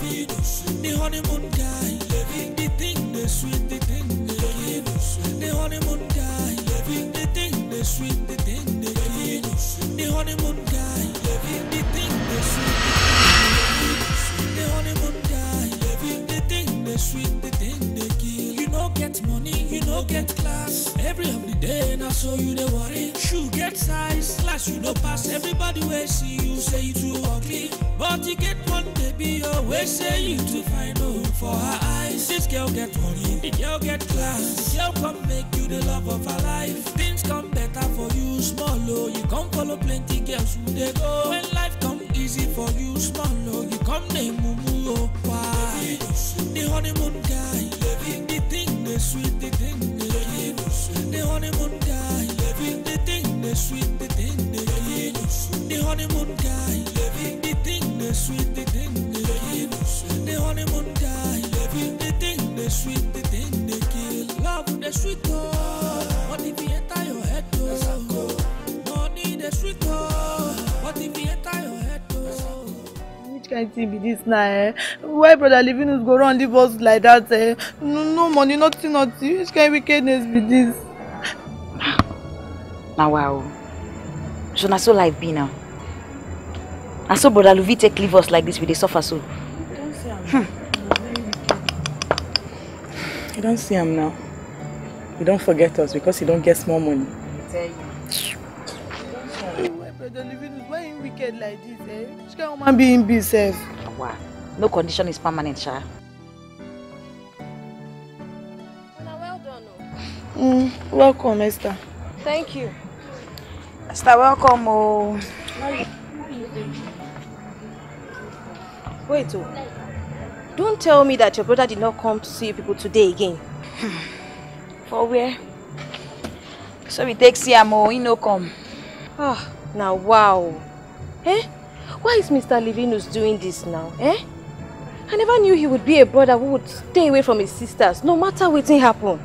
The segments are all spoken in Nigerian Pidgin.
The honeymoon guy. Levin. The thing they sweet, the thing they Levinos. The honeymoon guy. Levin. The thing they sweet, the thing they Levinos. The honeymoon guy. Levin. The thing they sweet, the thing they Levinos. sweet, the thing get money, you no get class. Every of the day, now so you dey worry. Shoe get size, class you no pass. Everybody wey see you say you too ugly, but you get one baby always oh, say you too fine oh for her eyes. This girl get money, the girl get class. The girl come make you the love of her life. Things come better for you small oh, you come follow plenty girls who dey go. When life come easy for you small oh, you come name mumu oh why? The honeymoon guy, the thing. The sweet, the thing they lose. The honeymoon guy, living the thing The sweet, the thing they lose. The honeymoon guy, living the thing they sweet, the thing they lose. The honeymoon guy, living the thing they sweet, the thing they kill. Love the sweet. Oh. kind thing be this now, eh why brother livinus go run leave us like that, eh no no money nothing nothing which kind wickedness be this. Now, wow. so na so life be now na so brother luvi take leave us like this with dey suffer so. you don't see him now You don't forget us because he don't get small money. I tell you. wicked like this eh which kind woman be him be sef. awa no condition is permanent sha. na well done o. Mm, welcome Esther. thank you. Esther welcome o. Oh. wait oh. don't tell me that your brother did not come to see you people today again. for where. so we take see am he no come. Oh, ah, Now, wow. Eh? Why is Mr. Livinus doing this now? Eh? I never knew he would be a brother who would stay away from his sisters, no matter what thing happened.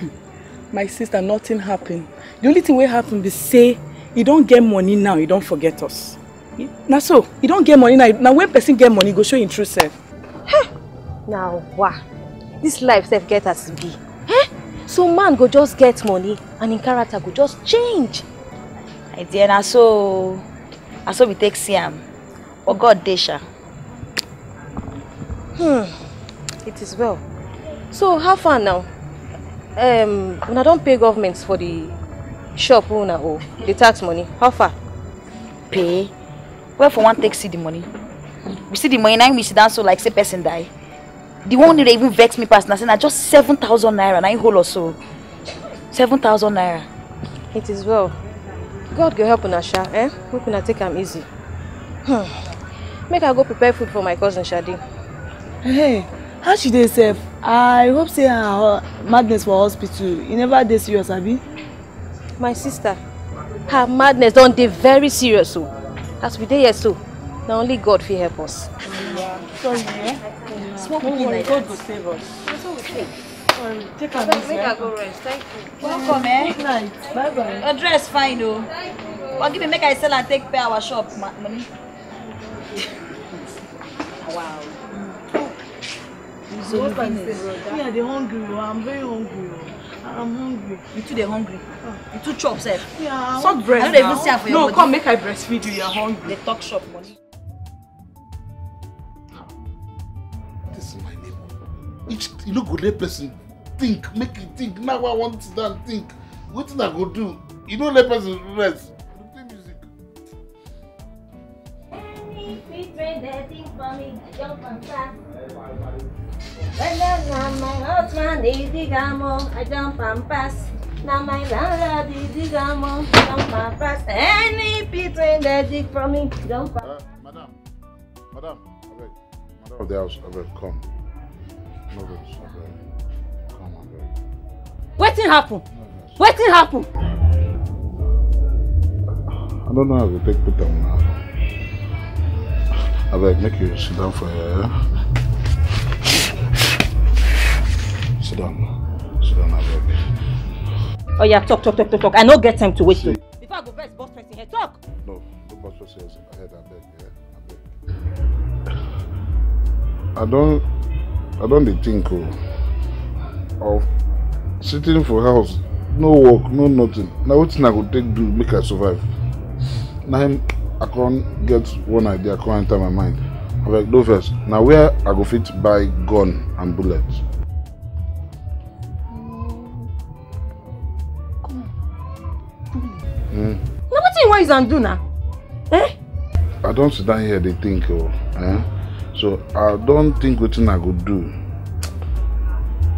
My sister, nothing happened. The only thing wey happen be say, you don't get money now, you don't forget us. Na so, you don't get money now. Now when person get money, go show him true self. Now, wah. This life self get as it e be. Eh? So man go just get money and in character go just change. My dear, na so. As so we take see am but oh god dey hmm it is well so how far now um, when I don't pay government for the shop wey una the tax money how far. pay where for one take see the money we see the money Now we sit down so like say person die the one that even vex me pass na say na just seven thousand naira na im hold us o seven thousand naira. it is well god go help una sha eh make una take am easy hmm. make i go prepare food for my cousin shadi hey how she dey safe? i hope say her madness for hospital You e never dey serious abi. my sister her madness don dey very serious o oh. as we dey here so Now only god fit help us. sorry eh yeah. small pikin like that. god go save us. That's we Take a rest. Make a go rest. Thank you. Welcome, eh? Good night. Bye bye. Your dress fine, though. Thank you. But give me make I sell and take pay our shop money. wow. Mm. So what I say, me hungry oh. I'm very hungry oh. I'm hungry. You too dey hungry? Oh. You too chop sef? Yeah. Suck breast I no even see for no, come make I breastfeed you, you're hungry. Dey talk shop money. This is my neighbor. Each, you look good, person think make e think now wey i wan sit down think wetin i go do e no let person rest Whether na my husband dey dig am I jump and pass. Now my landlord dey dig am o, jump and pass. Any pit wey dey dig for me, jump and pass. Madam, madam, abeg, madam of the house, abeg, come. No vex. What wetin happen wetin happen. i don't know how to take put down. now beg, make you sit down for here yeah? sit down sit down Oh yeah, talk talk talk talk talk i not get time to wait before i go vex burst person head talk. no no burst ahead head abeg yeah? abeg. i don't, i don't think o oh. sitting for house no work no nothing na wetin i go take do make i survive na him i con get one idea con enter my mind i'm like no vex na where i go fit buy gun and bullet. Mm. na wetin you wan use am do na. Eh? i don sit down here dey think o oh, eh? so i don think wetin i go do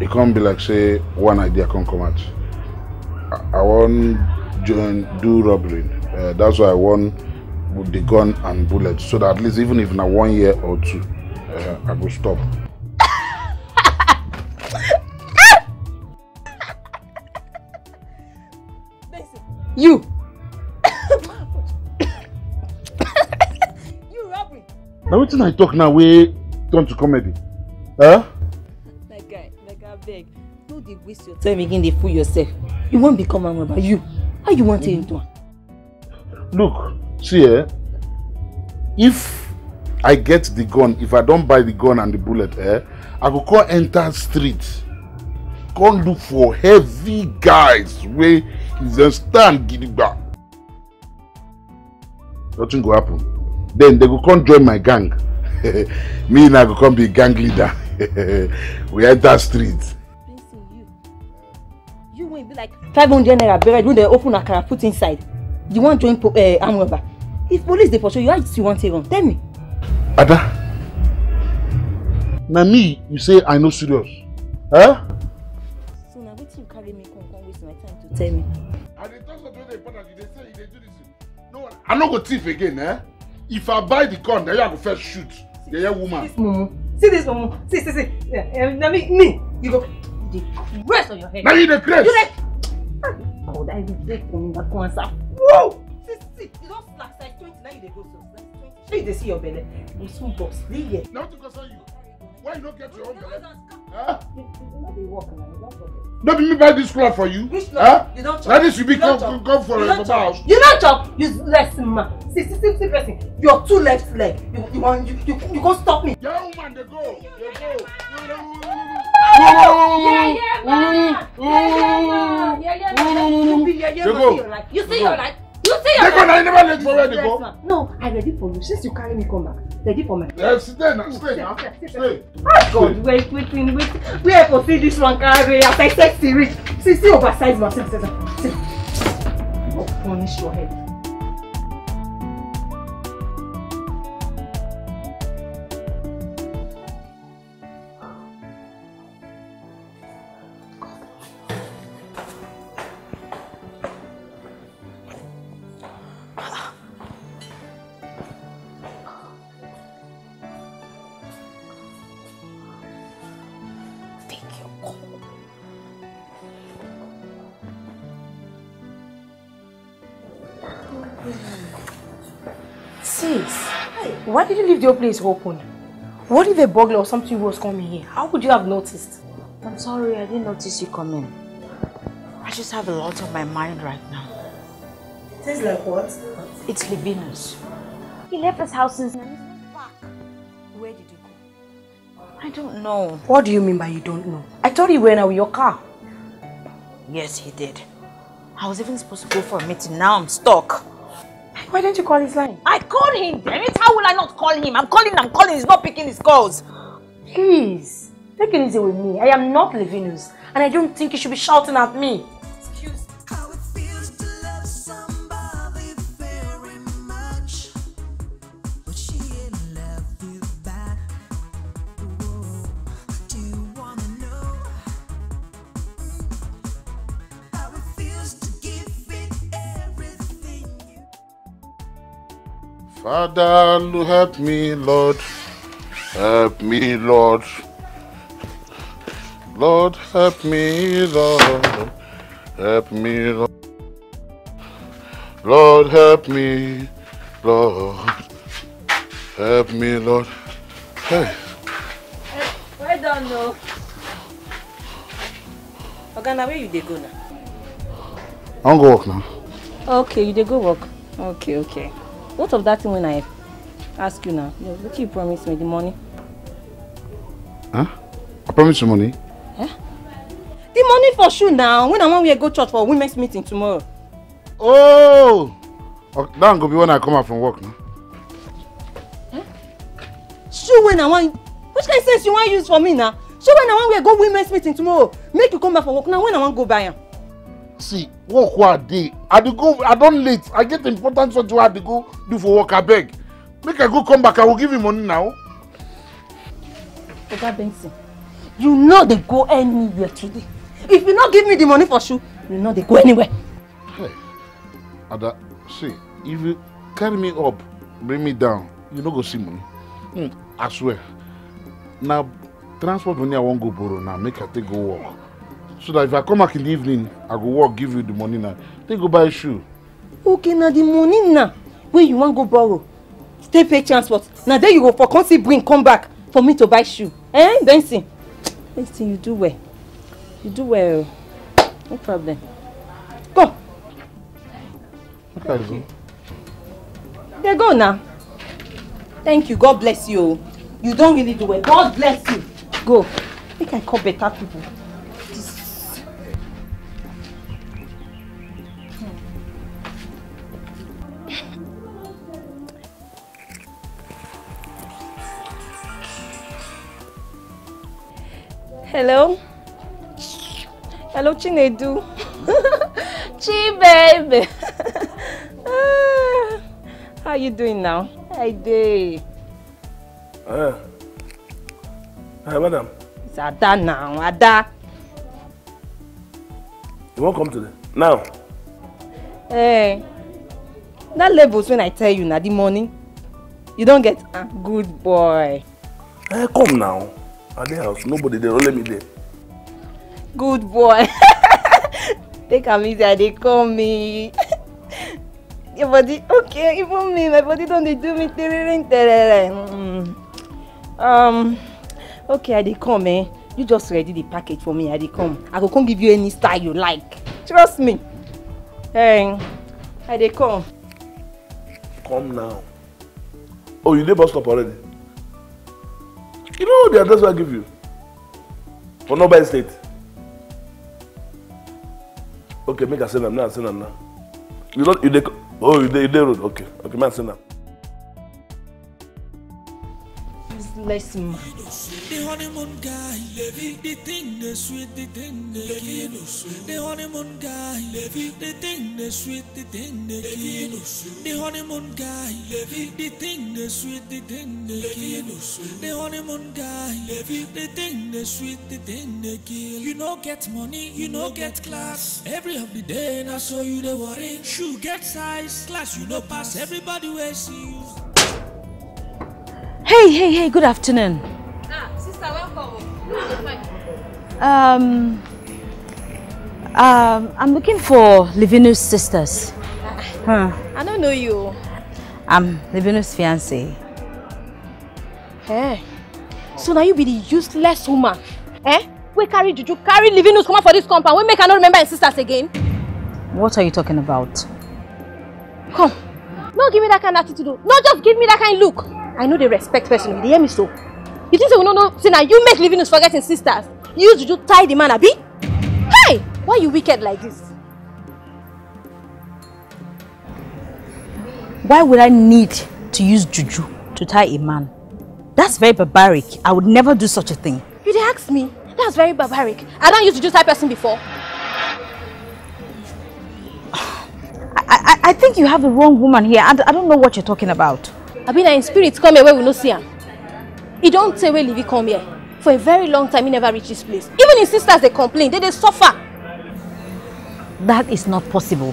It can't be like say one idea come come out i, I wan join do robbery uh, that's why i wan with the gun and bullet so that at least even if a one year or two uh, i go stop. you you robbery. na i talk now we turn to comedy. Huh? big waste your time again dey fool yourself you wan become man about you how you wan take do am. look see eh if i get the gun if i don buy the gun and the bullet eh i go come enter street come look for heavy guys wey dey stand gidigba nothing go happen then they go come join my gang me and I go come be gang leader we enter street like five hundred naira buried when they open akara put inside you wan join uh, arm robber if police dey pursue you how you still wan take run tell me. ada na me you say i no serious. huh? Eh? so na wetin you carry me come come waste my time to tell me. i dey talk something wey dey you dey say you dey do this no i no go thief again eh? if i buy the gun na you i go first shoot yeye woman. see this mumu see this mumu see see see na me me you go the rest of your head. Now the grace. You the... God, I will break on that cancer. Whoa! See, see, you don't slack side 20, now you the go See, they see your belly. You soon box. Dey here. Na to concern you. Why you not get your own belly? Huh? You no dey work now. me buy this cloth for you. Which cloth? Huh? You don chop. Na this be come come come for your house. You not chop. You less man. See see see see person. Your two left leg. You you wan you you you go stop me. Your woman they go. They go. You see your life. You see your life. I never let go where they go. No, I ready for you. Since you carry me come back, ready for me. Yeah, stay now, stay now, stay. Oh God, wait, wait, wait. Where for see this one carry? As I sexy rich, see see oversize myself. Punish your head. video place open? What if a burglar or something was coming here? How would you have noticed? I'm sorry, I didn't notice you coming. I just have a lot on my mind right now. Tastes like what? It's Libinus. He left his house since then. he's not back. Where did he go? I don't know. What do you mean by you don't know? I thought he went out with your car. Yes, he did. I was even supposed to go for a meeting. Now I'm stuck. Why don't you call his line? I called him, damn it. How will I not call him? I'm calling, I'm calling. He's not picking his calls. Please, take it easy with me. I am not Levinus, and I don't think you should be shouting at me. Father, help me, Lord. Help me, Lord. Lord, help me, Lord. Help me, Lord. Lord, help me, Lord. Help me, Lord. Hey. Hey, Well done, no. Ogana, where you dey go now? I'm go work now. Okay, you dey go work. Okay, okay. What of that thing when I ask you now? Yeah, what you promise me, the money? Huh? I promise you money? Yeah. The money for sure now. When I want we go church for women's meeting tomorrow. Oh! Okay, that will be when I come out from work now. Huh? Sure when I want... Which kind of sense you want use for me now? Sure when I want we go women's meeting tomorrow. Make you come back from work now when I want go buy am. See, work who are they? i dey go i don't late i get important something to i dey go do for work I beg, make i go come back i will give you money now. oga benson you know they go anywhere today if you not give me the money for shoe you know they go anywhere. Hey, ada see if you carry me up bring me down you no go see money mm, i swear Now transport money i won't go borrow Now make i take go work so that if i come back in the evening i go work give you the money now Then go buy a shoe. okay now the money now wey you want go borrow stay pay transport Now then you go for come bring come back for me to buy shoe eh Then benson benson you do well you do well oh. no problem go. Okay. i go. dey go now thank you god bless you oh. you don't really do well god bless you go make i call better people. Hello? Hello, Chinedu. Chi baby. How you doing now? Hey, did. Uh, eh. hi, eh, madam. It's Ada now, Ada. You won't come today? Now? Hey, eh. that level's when I tell you Nadi, morning. You don't get a ah, good boy. Hey, come now. At the house, nobody there, let me there. Good boy. Take am easy, they call me. Your body, okay, even me, my body don't do me terereng terereng. Um, okay, I dey come, eh? You just ready the package for me, I dey come. I will come give you any style you like. Trust me. Hey, eh, I dey come. Come now. Oh, you dey bus stop already? You know the address I give you for North Bay State. Okay, make I send am now. Send am now. You don't. You dey. Oh, you dey. You dey road. Okay. Okay, make I send am. Useless man. The honeymoon guy, Levy. The thing they sweet, the thing they Levy no The honeymoon guy, Levy. The thing they sweet, the thing they Levy The honeymoon guy, Levy. The thing they sweet, the thing they Levy The honeymoon guy, Levy. The thing they sweet, the thing they kill. You no get money, you no get class. Every of the day, and I saw you the worry. Shoe get size, class you no pass. Everybody will see you. Hey, hey, hey, good afternoon. Um, um, I'm looking for Livinus sisters. Huh. I don't know you. I'm Livinus' fiance. Eh? Hey. So now you be the useless woman. Eh? We carry Juju, carry Livinus, come for this compound. We make her not remember her sisters again. What are you talking about? Come. No, give me that kind of attitude. No, just give me that kind of look. I know they respect person. They hear me so. You think so? No, no. See now, you make Livinus forget sisters. You did you tie the man, Abi? Hey! Why you wicked like this? Why would I need to use juju to tie a man? That's very barbaric. I would never do such a thing. You did ask me. That's very barbaric. I don't use juju tie person before. I, I, I think you have the wrong woman here. I, I don't know what you're talking about. Abina in spirit come here where we no see him. He don't say where Livy come here for a very long time he never reached this place even his sisters they complain they they suffer. that is not possible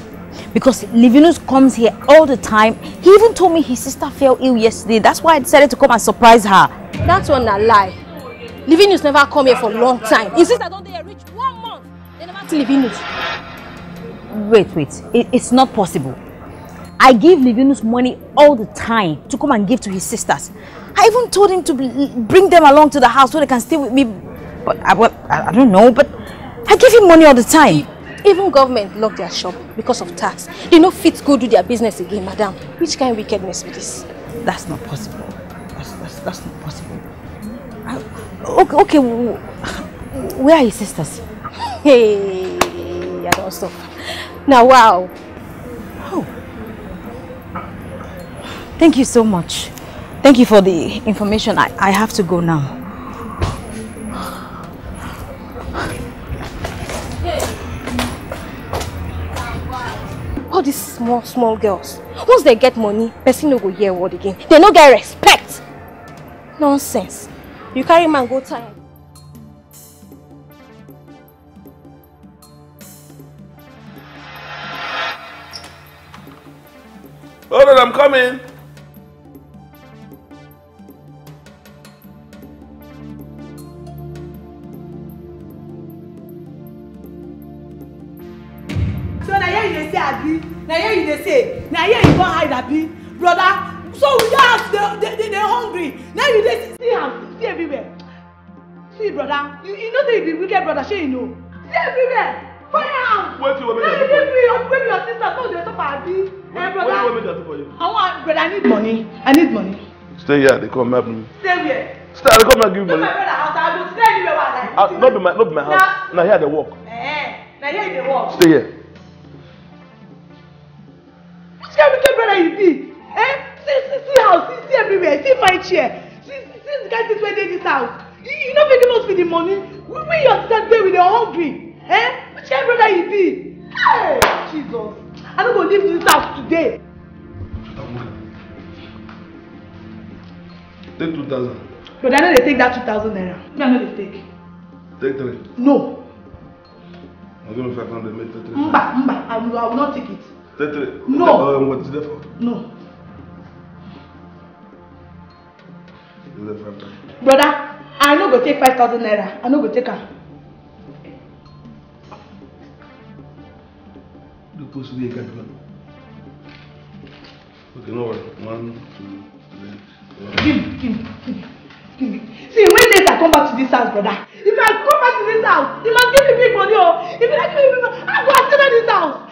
because Livinus comes here all the time he even told me his sister fell ill yesterday that's why i decided to come and surprise her. That's one na lie Livinus never come here for a long time his sister not they reach one month they never see Livinus. wait wait it, it's not possible i give Livinus money all the time to come and give to his sisters I even told him to bring them along to the house so they can stay with me. But I, well, I, I don't know, but I give him money all the time. Even government lock their shop because of tax. They no fit go do their business again, madam. Which kind of wickedness is this? That's not possible. That's, that's, that's not possible. I, okay, okay, where are your sisters? Hey, I don't stop. Now, wow. Oh. Thank you so much. Thank you for the information. I, I have to go now. All these small, small girls, once they get money, person no go hear word again. They no get respect. Nonsense. You carry man go time. Hold oh, on, I'm coming. dey say abi na here you dey say na here you wan hide abi broda so we dey house dey dey dey hungry now you dey see am see everywhere see broda you you know say you be wicked broda shey you know see everywhere fire am no you dey free your baby your sister so eh, you dey suffer abi eh broda i wan broda i need money i need money. stay here dey come help me. stay where. stay i dey come help give you money. no my brother house i go stay anywhere wey i like. Ah, no be my no be my house na here i dey work. Eh, eh, na here you dey work. stay here. where you be eh see see see house see see everywhere see my chair see see see the kind things wey dey this house you you no fit give us the money we we yourself dey we dey hungry eh which kind brother you be hey jesus i no go leave this house today. take two thousand. but i no dey take that two thousand naira me i no dey take. take three. no. i'm gonna five hundred make three three. mba mba i will i will not take it. No. Um, what is that for? No. Brother, I no go take 5,000 naira. I no go take her. The post we can do. Okay, no worry. One, two, three, four. Give me, give me, give me. Give See, when later I come back to this house, brother. If I come back to this house, you must give me big money. Oh. If you don't give me big money, I'll go and sell this house.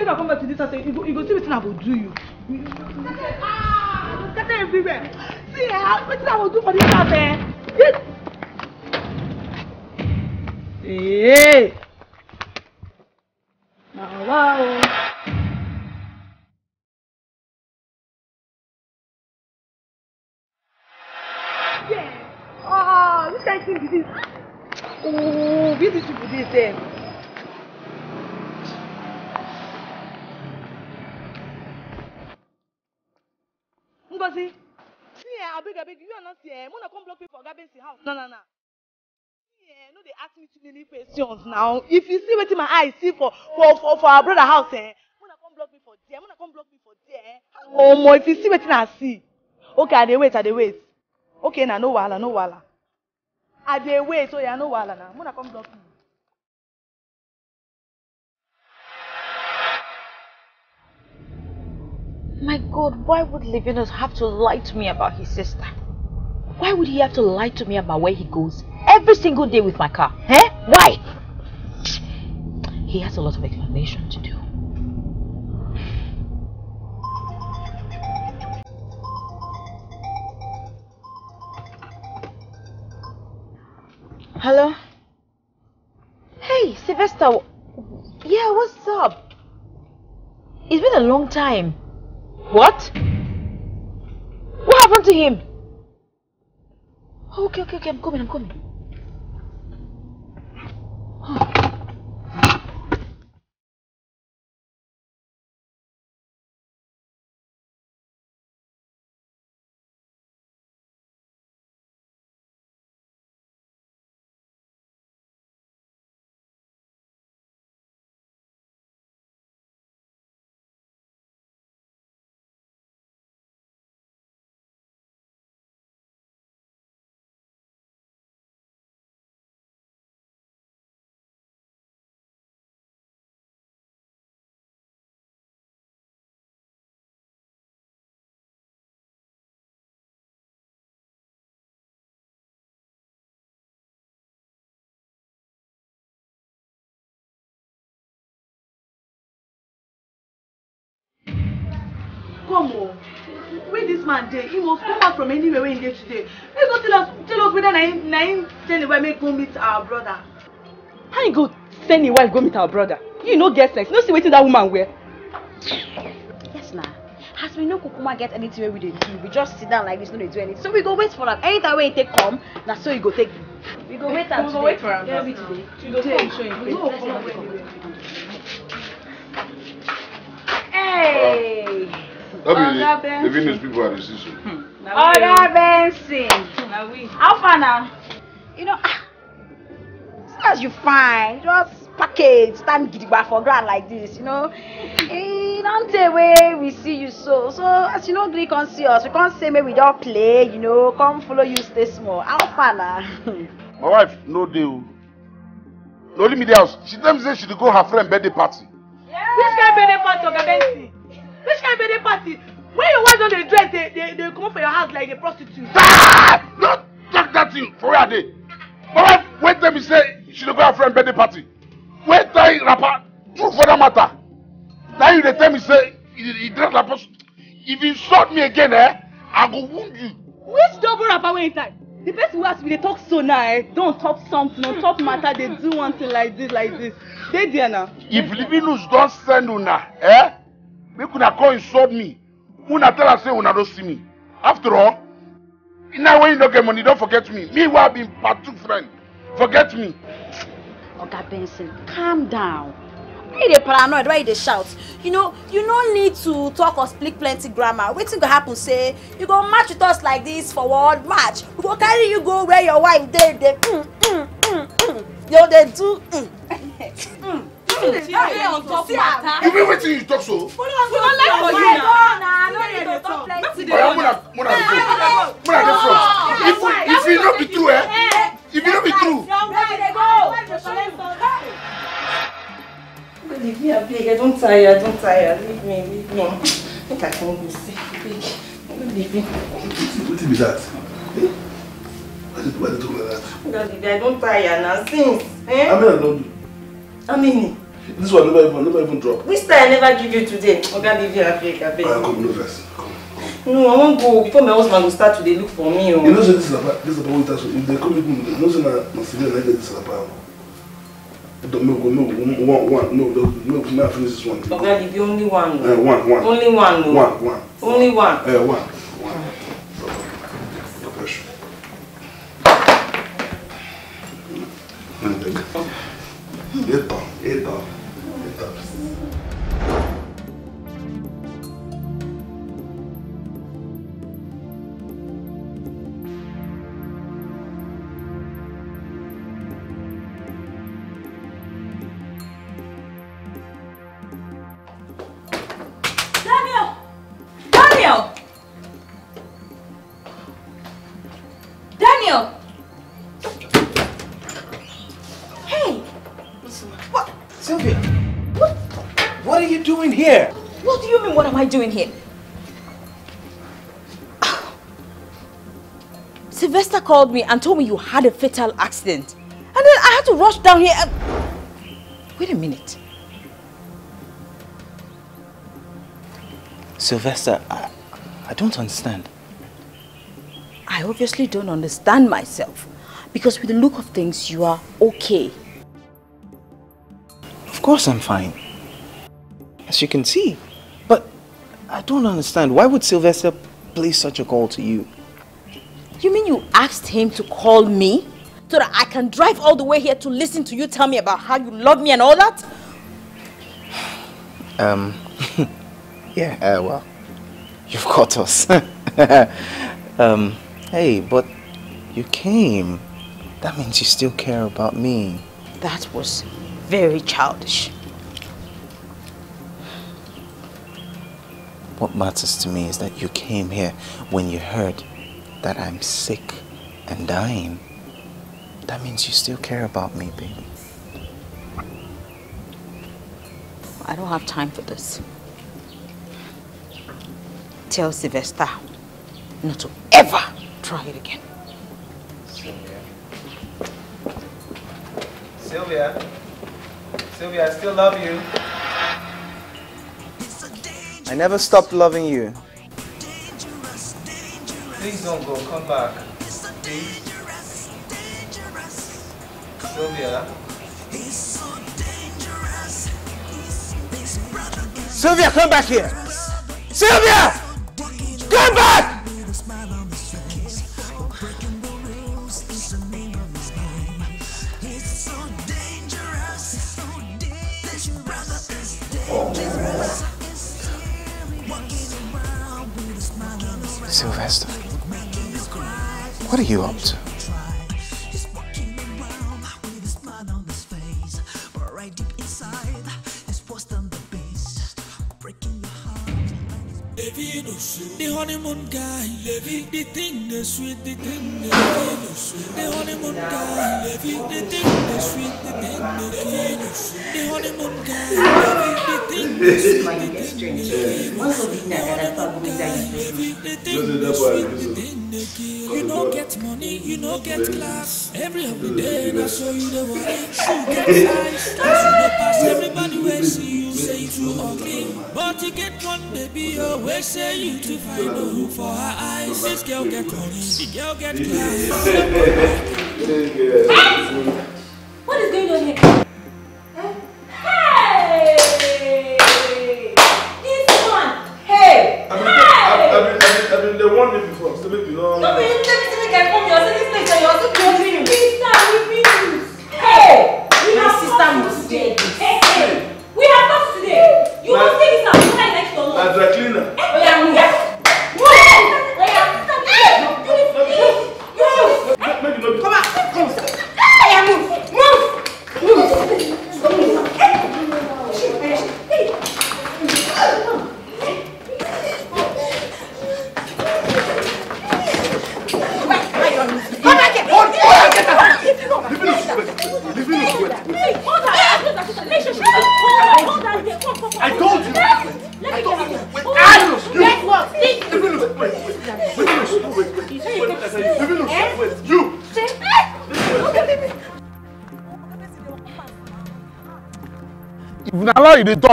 make I come back to this house, you go, you go see what I will do you. Ah, scatter everywhere. See, eh, what I will do for this house, eh? Yes. Hey. Now, wow. Oh, this kind of this. is this? Oh, beautiful this, eh? Ngozi, see, eh, I beg, I beg, you are not here. I'm gonna block people for Gaben's house. No, no, no. Yeah, no, they ask me too many questions now. If you see what my eyes see for for for, for our brother house, eh? I'm gonna come block me for there. I'm gonna come block me for there. Oh, mo, if you see what I see. Okay, I dey wait, I dey wait. Okay, now no wala, no wala. I dey wait, so oh, yeah, no wala now. I'm gonna come block me. My God, why would Livinus have to lie to me about his sister? Why would he have to lie to me about where he goes every single day with my car? Eh? Why? He has a lot of explanation to do. Hello? Hey, Sylvester. Yeah, what's up? It's been a long time. What? What happened to him? Oh, okay, okay, okay, I'm coming, I'm coming. come o where this man dey he must come out from anywhere wey he dey today make go tell us tell us whether na him na him send him wife make go meet our brother. how you go send him wife go meet our brother you no get sense no see wetin that woman wear. yes ma, as we no kukuma get anything wey we dey do we just sit down like this no dey do anything so we go wait for him. anytime when he take come na so he go take we go wait am today we go wait for am just now you go come show him face let's see how he come. Hey! that be the the Venus people are the season. Oga Benson. Na How far now? You know, ah, as you find, just package, stand gidigba for ground like this, you know. E don tey way we see you so, so as you know, gree come see us, we can't say make we don't play, you know, come follow you stay small. How far na? My wife no deal. No Na me dey house. She tell me say she to go her friend birthday party. Yeah. Which kind birthday party Oga Benson? which kind birthday party when your wife don't dey dress they they dey comot for your house like a prostitute. ah Not talk that thing for a day. dey my wife wey tell me say she dey go her friend birthday party wey tie rapper true for that matter na you dey tell me say he dey dress like prostitute if you insult me again eh i go wound you. which double rapper went inside? the person wey ask me dey talk so now eh Don't talk something don't talk matter They do one thing like this like this dey there now. if living news don't send una eh make una come insult me una tell her say una no see me after all now when you no get money don forget me me wey i bin partook friend forget me. oga benson calm down why you dey paranoid why you dey shout you know you no need to talk or speak plenty grammar wetin go happen say you go match with us like this for world match we go carry you go where your wife dey dey mm, mm, mm, mm. you dey do. Mm. mm. You mean wetin you talk so? Oya muna muna dey go. Muna dey front. If if e no be true eh? If e no be true. Leave me abeg, I don tire, I don tire. Leave me, leave me. Make I come go see. Abeg, leave me. Wetin be that? Why dey talk like that? Daddy, I don tire na since. Eh? I mean I don do. How many? This one never even, never even drop. Which time I never give you today? I'm Oga leave you Africa, baby. Right, come, no verse. No, I won't go before my husband will start to they look for me. Oh, You know, so this is about this is about what If they come with me, you know, so now must I get this is about. Don't milk, No one, one, no, the milk, my finish this one. Oga, leave you only one. Uh, one, one. Only one. Oh. One, one. Only one. Uh, one. Epa. called me and told me you had a fatal accident. And then I had to rush down here and... Wait a minute. Sylvester, I, I don't understand. I obviously don't understand myself. Because with the look of things, you are okay. Of course I'm fine. As you can see. But I don't understand. Why would Sylvester play such a call to you? You mean you asked him to call me? So that I can drive all the way here to listen to you tell me about how you love me and all that? Um, yeah, uh, well, you've caught us. um, hey, but you came. That means you still care about me. That was very childish. What matters to me is that you came here when you heard that I'm sick and dying, that means you still care about me, baby. I don't have time for this. Tell Sylvester not to ever try it again. Sylvia. Sylvia. Sylvia, I still love you. I never stopped loving you. Please don't go, come back. Please. Sylvia. Sylvia, come back here! Sylvia! Come back! Sylvester. What are you up to? The honeymoon guy, the thing the sweet, the thing the The honeymoon guy, the thing the sweet, the thing the The honeymoon guy, the thing the sweet, the thing the The honeymoon guy, you know, get money, you know, get class. Every day, I saw you the way. You get that's in the past. everybody where see too ugly But you get one baby, oh, where say you to find a oh, hook for her eyes This girl get horny, the girl get class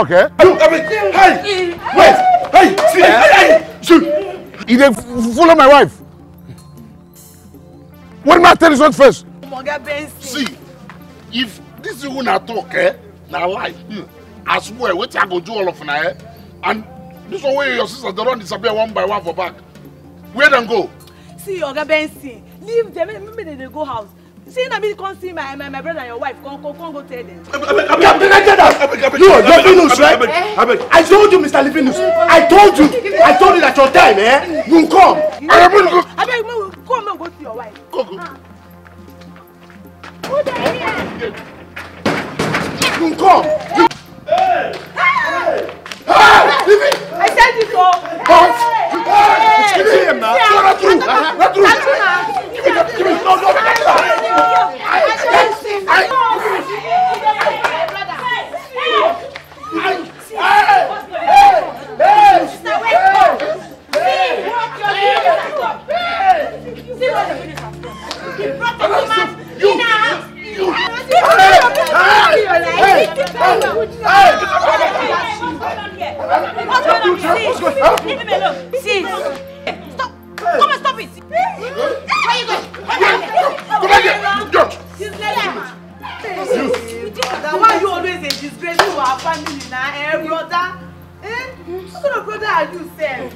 talk, eh? Hey, wait, hey, see, hey, hey, shoot. He dey follow my wife. When my tell you first. See, if this is una talk, eh? now lie. Hmm. I swear, wait till I go do all of now, eh? And this one where your sister dey run disappear one by one for back. Where them go? See, Oga Benson, leave them. Maybe they dey go house seeing that me come see my, my, my brother and your wife, come, come, come go tell them. Captain, I get out! You, Levinus, right? I told you, Mr. Levinus, I told you, I told you that your time, eh? You come. sort of brother are you, Sam? eh?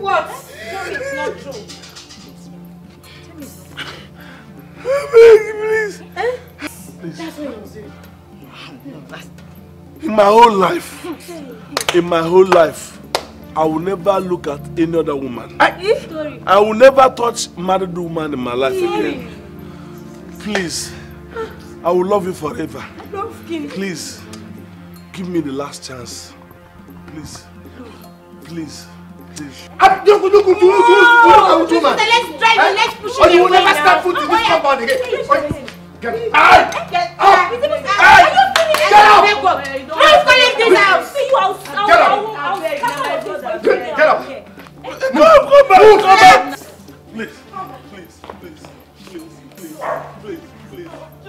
What? Tell me it's not it's not Please, eh? please. Please. In my whole life, in my whole life, I will never look at any other woman. Eh? I will never touch married woman in my life again. Please. I will love you forever. I love him. Please, give me the last chance. Please. Please. Please. Let's drive let's push it. him. You will never stop. foot in this compound again. Get out! Get out! Get out! Get out! Get out! Move! Come back! Move! Come back! Please, please, please, please, please, please.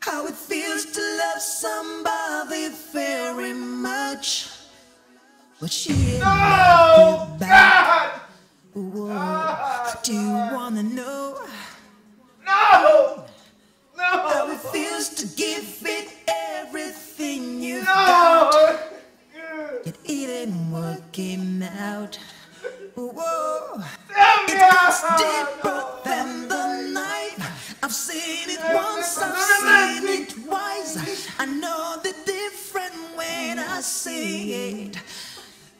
how it feels to love somebody very much. But she no! God! Whoa. Do you wanna know? No! No! How it feels to give it everything you've no! got. Yet it ain't working out. Whoa! It goes deeper than the night. I've seen it once, I've seen it twice. I know the difference when I see it. Hey.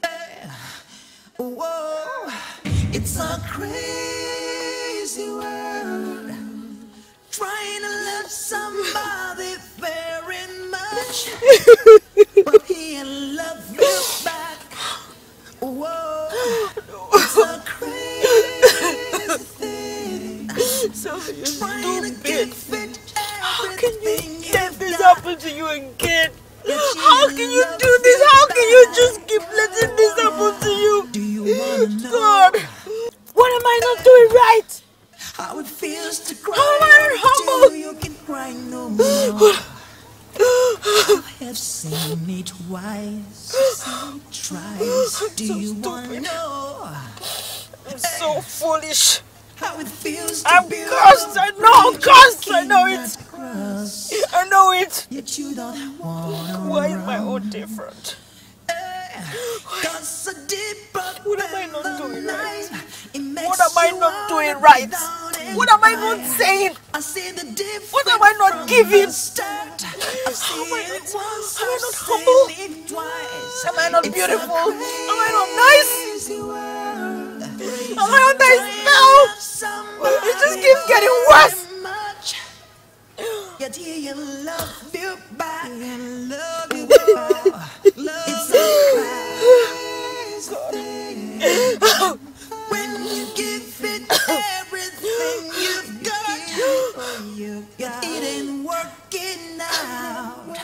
Eh, whoa, it's a crazy world. Trying to love somebody very much, but he love you back. Whoa, it's a crazy so stupid. How can you let this happen to you again? How can you do this? How can you just keep letting this happen to you? Do you want God, what am I not doing right? How it feels to cry. How am I humble? You can cry no more. You have seen me twice, seen it twice. Do so you stupid. wanna know? I'm so foolish. I'm cursed. I know. I'm cursed. I know it. I know eh, it. Why is my own different? What am I not doing right? What am I not doing right? What am I not saying? What am I not giving? Am I not, am I not humble? Am I not beautiful? Am I not nice? Around thy spell! It just keeps getting worse! Yet here you love you back and love you Love it's a When you give it everything you've got, you it ain't working out.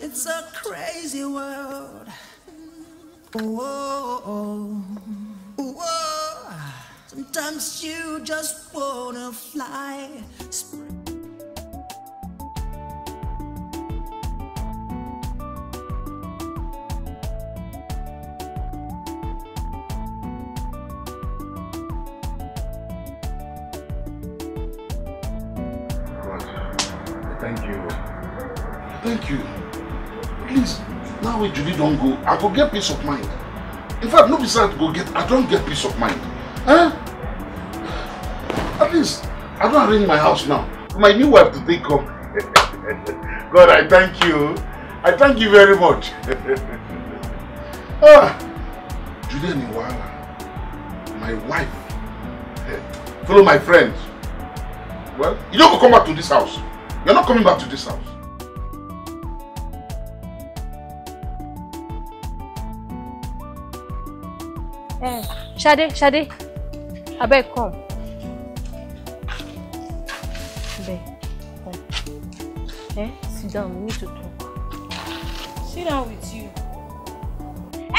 it's a crazy world. Sometimes you just wanna fly. Thank you. Thank you. Please. now wey julie don't go i go get peace of mind in fact no besides go get i don't get peace of mind eh at least i don arrange my house now my new wife to take come god i thank you i thank you very much ah julie ni my wife eh, follow my friend well you don't go come back to this house you're not coming back to this house Ṣadé eh, Ṣadé abeg come. Abeg come. Eh? Sit down we need to talk. Sit down with you.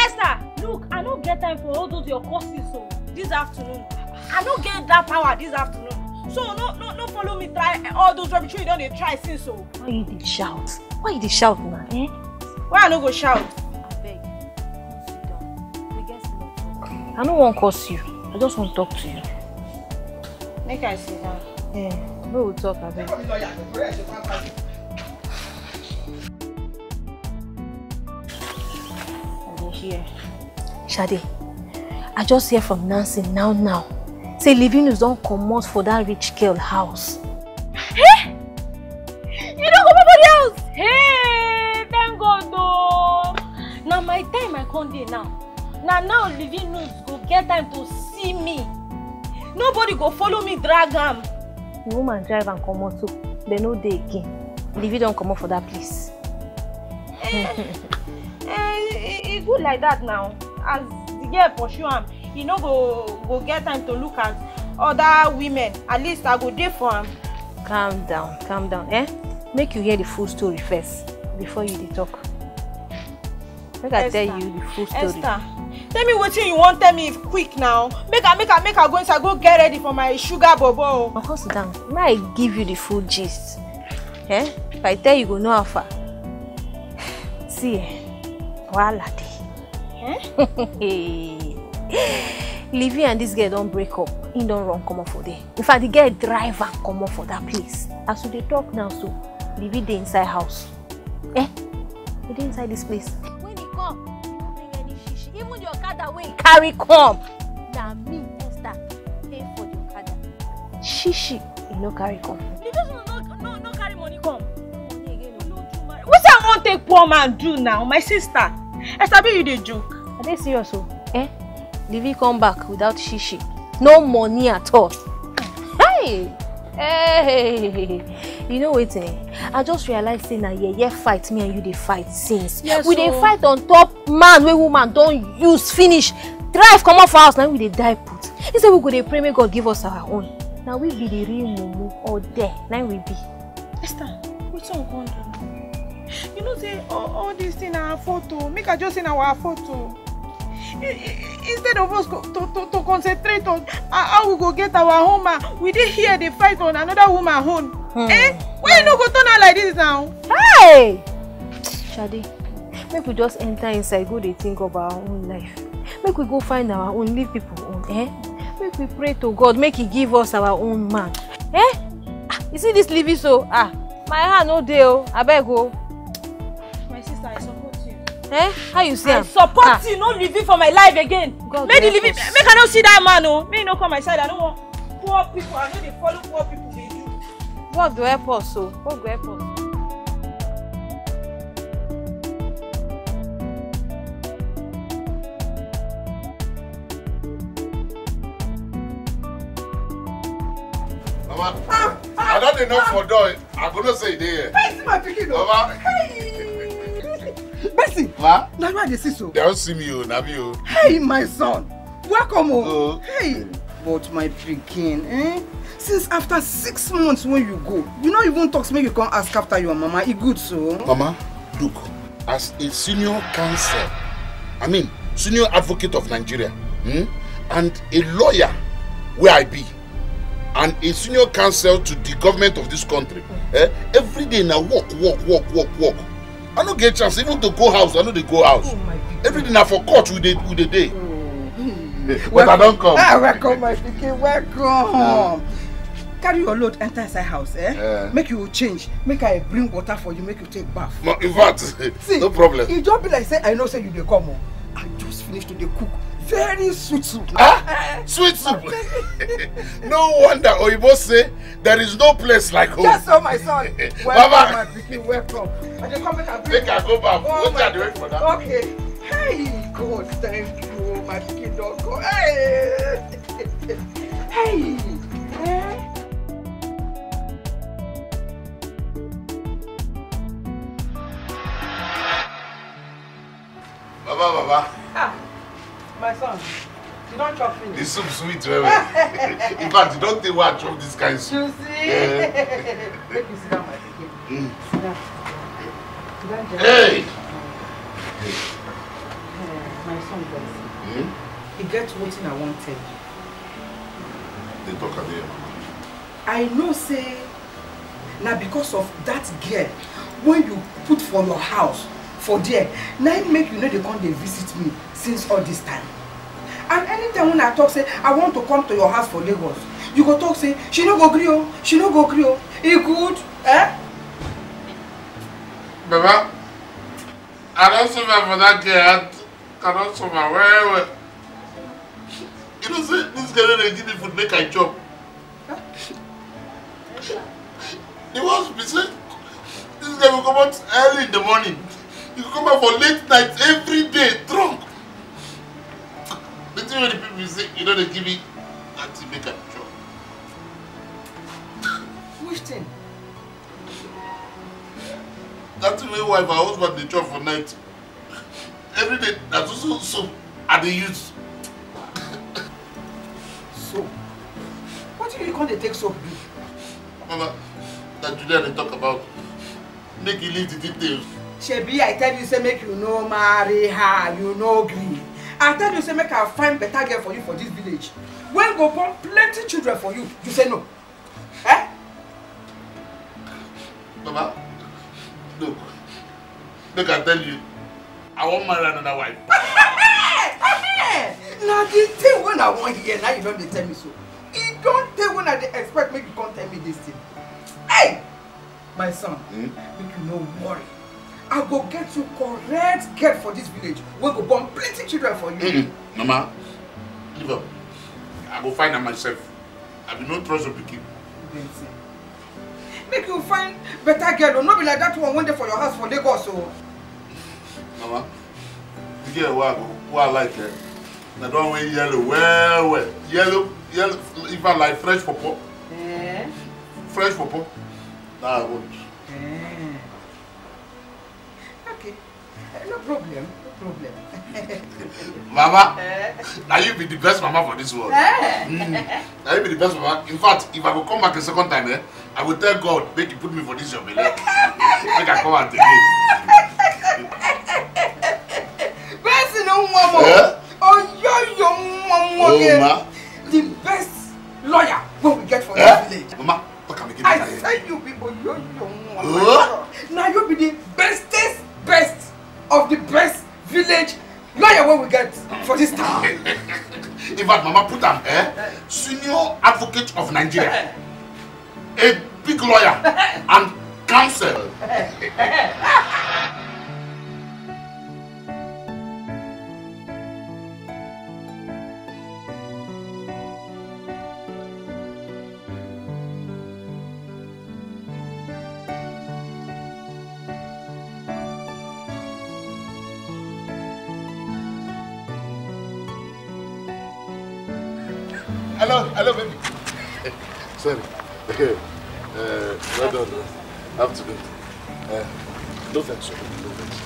Esther look I don't get time for all those your courses o oh, this afternoon I don't get that power this afternoon so no no no follow me try all those rubbish you don't dey try since So oh. Why you dey shout? Why you dey shout na? Eh? Why I don't go shout? I no wan curse you. I just want to talk to you. Make I sit down. yeah. we will talk abeg. I dey here. Shade, I just hear from Nancy now now. Say Livinus come comot for that rich girl house. Hey! You don't comot for the house? Hey, thank God though. Now my time I come dey now. Now now Livinus get time to see me nobody go follow me drag am. the woman drive am comot o they no dey again livi don comot for that, place. eh eh e, e, e good like that now as the girl pursue him, he no go go get time to look at other women at least i go dey for am. calm down calm down eh make you hear the full story first before you talk make i tell you the full story. esther tell me wetin you wan tell me quick now make i make i make i go inside go get ready for my sugar bobo. mama sit down may i give you the full gist eh if i tell you go know how far see eh wahala dey. Eh? Livy and dis girl don break up im don run comot for there in fact the girl drive am comot for dat place as we dey talk now so Livy dey inside house eh e dey inside dis place. when e come wey e carry come na me esther pay for the okada. she she e no carry come. the person no no no carry money come. wetin i wan take poor man do now my sister i sabi you dey joke. i dey serious o eh Livi come back without shishi no money at all. Ah. hey hey you know what, eh? i just realize say na yeye fight me and you dey fight since yes, we dey so... Oh. fight on top man wey woman don't use finish drive comot for house now we dey die put instead we go dey pray make god give us our own Now we be the real mumu or there Now we be. esther wetin we wan do you know say all, all dis thing na our fault oh. make a just in our photo instead of us to, to, to concentrate on ah, how we go get our home man, ah, we did hear the fight on another woman home. Hmm. Eh? Why you no go turn out like this now? Hey! Shadi, make we just enter inside go they think of our own life. Make we go find our own, leave people own. Eh? Make we pray to God, make he give us our own man. Eh? Ah, you see this living so? Ah, my hand no dey o, oh, abeg oh. Eh? How you say? I support ah. you, no living for my life again. God make the living, us. make I no see that man, oh. Make no come my side. I don't want poor people. I know they follow poor people. They do. What do help us, so. Oh. God go help us. Mama, I don't know for door. I go say there. Where's my picking up? Oh? Mama. Hey. Bessie. Ma? Na you are the They don't see me, oh, na oh. Hey, my son. Welcome, oh. oh. Hey. But my freaking, eh? Since after six months when you go, you know even talks make you come ask after your mama. It e good, so. Mama, look, as a senior counsel, I mean, senior advocate of Nigeria, hmm? and a lawyer where I be, and a senior counsel to the government of this country, eh? every day now walk, walk, walk, walk, walk i no get chance even to go house i no dey go house oh, everything na for court we dey we dey dey oh. but welcome. i don come. ah welcome my pikin welcome. Yeah. carry your load enter inside house eh yeah. make you change make i bring water for you make you take bath. in fact no problem. e just be like say i know say you dey come o. Oh. I just finished to the cook very sweet soup. Ah, sweet soup. no wonder Oyibo say there is no place like home. Yes, oh my son. Welcome, Mama. my pikin, welcome. I just come back and bring. Make I go back. Oh Wait till I wait for that. Okay. Hey, God, thank you, my pikin don't go. Hey. hey. Hey. Baba, Baba. Ah, my son, you don't chop finish. The soup sweet well well. In fact, you don't think why I chop this kind of soup. You see? Yeah. Make me sit down, my baby. Mm. Sit down. Hey! hey. Eh, my son, does. Hmm? He gets what I wanted. They talk at I know, say, now because of that girl, when you put for your house, for there na make you know they come they visit me since all this time and anytime when i talk say i want to come to your house for lagos you go talk say she no go gree o oh, she no go gree o oh. e good eh. baba i don't suffer my mother girl Cannot don suffer well well you know say this girl no dey give me food make i chop. Huh? the worst be say dis girl come out early in the morning You come out for late nights every day, drunk. The thing when the people say, you know, they give me that to make a job. Which thing? That's the when wife and husband they job for night. Every day, that's also soap I dey use. Soap? What do you call the take soap do? Mama, that Julia dey talk about. Make you leave the details shebi i tell you say make you no marry her you no gree i tell you say make i find better girl for you for this village wey go born plenty children for you you say no eh. Mama, look make i tell you i wan marry another wife. na the thing wey i wan hear now you don dey tell me so e don tey wey i dey expect make you come tell me this thing hey my son mm? make you no worry i go get you correct girl for this village We go born plenty children for you. Mm -mm. mama give up i go find am myself i bin no trust your pikin. make you find better girl Don't oh. no be like that one One day for your house for lagos So, oh. mama the girl wey i go wey i like eh the one wey yellow well well yellow yellow If I like fresh popo, Eh? fresh pawpaw na i want. Eh? no problem no problem. mama eh. now you be the best mama for this world eh. mm. na you be the best mama in fact if i go come back a second time eh, i will tell god make you put me for this job, belle eh. make i come out again. Best bẹ́ẹ̀sì ni wọ́n mọ̀ your yọ wọ́n mọ̀ yẹn the best lawyer wey we get for eh? this village. mama talk am again. i tell you people yo oh, your wọ́n mọ̀ Now you be the of the best village lawyer wey we get for this town. in fact mama put am eh? senior advocate of nigeria a big lawyer and counsel. Hello, baby. Sorry. uh, well done. Afternoon. Uh, no thanks, sir. No thanks.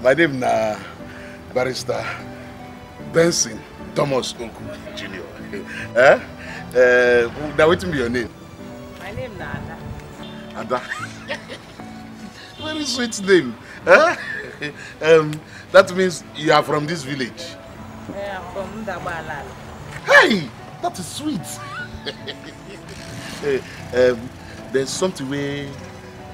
My name na uh, Barrister Benson Thomas Oku Jr. eh? Uh, now, wait to your name. My name na Ada. Ada. Very sweet name. Eh? um, that means you are from this village. Yeah, I'm from Ndabalala. Hey! that is sweet um, there's something wey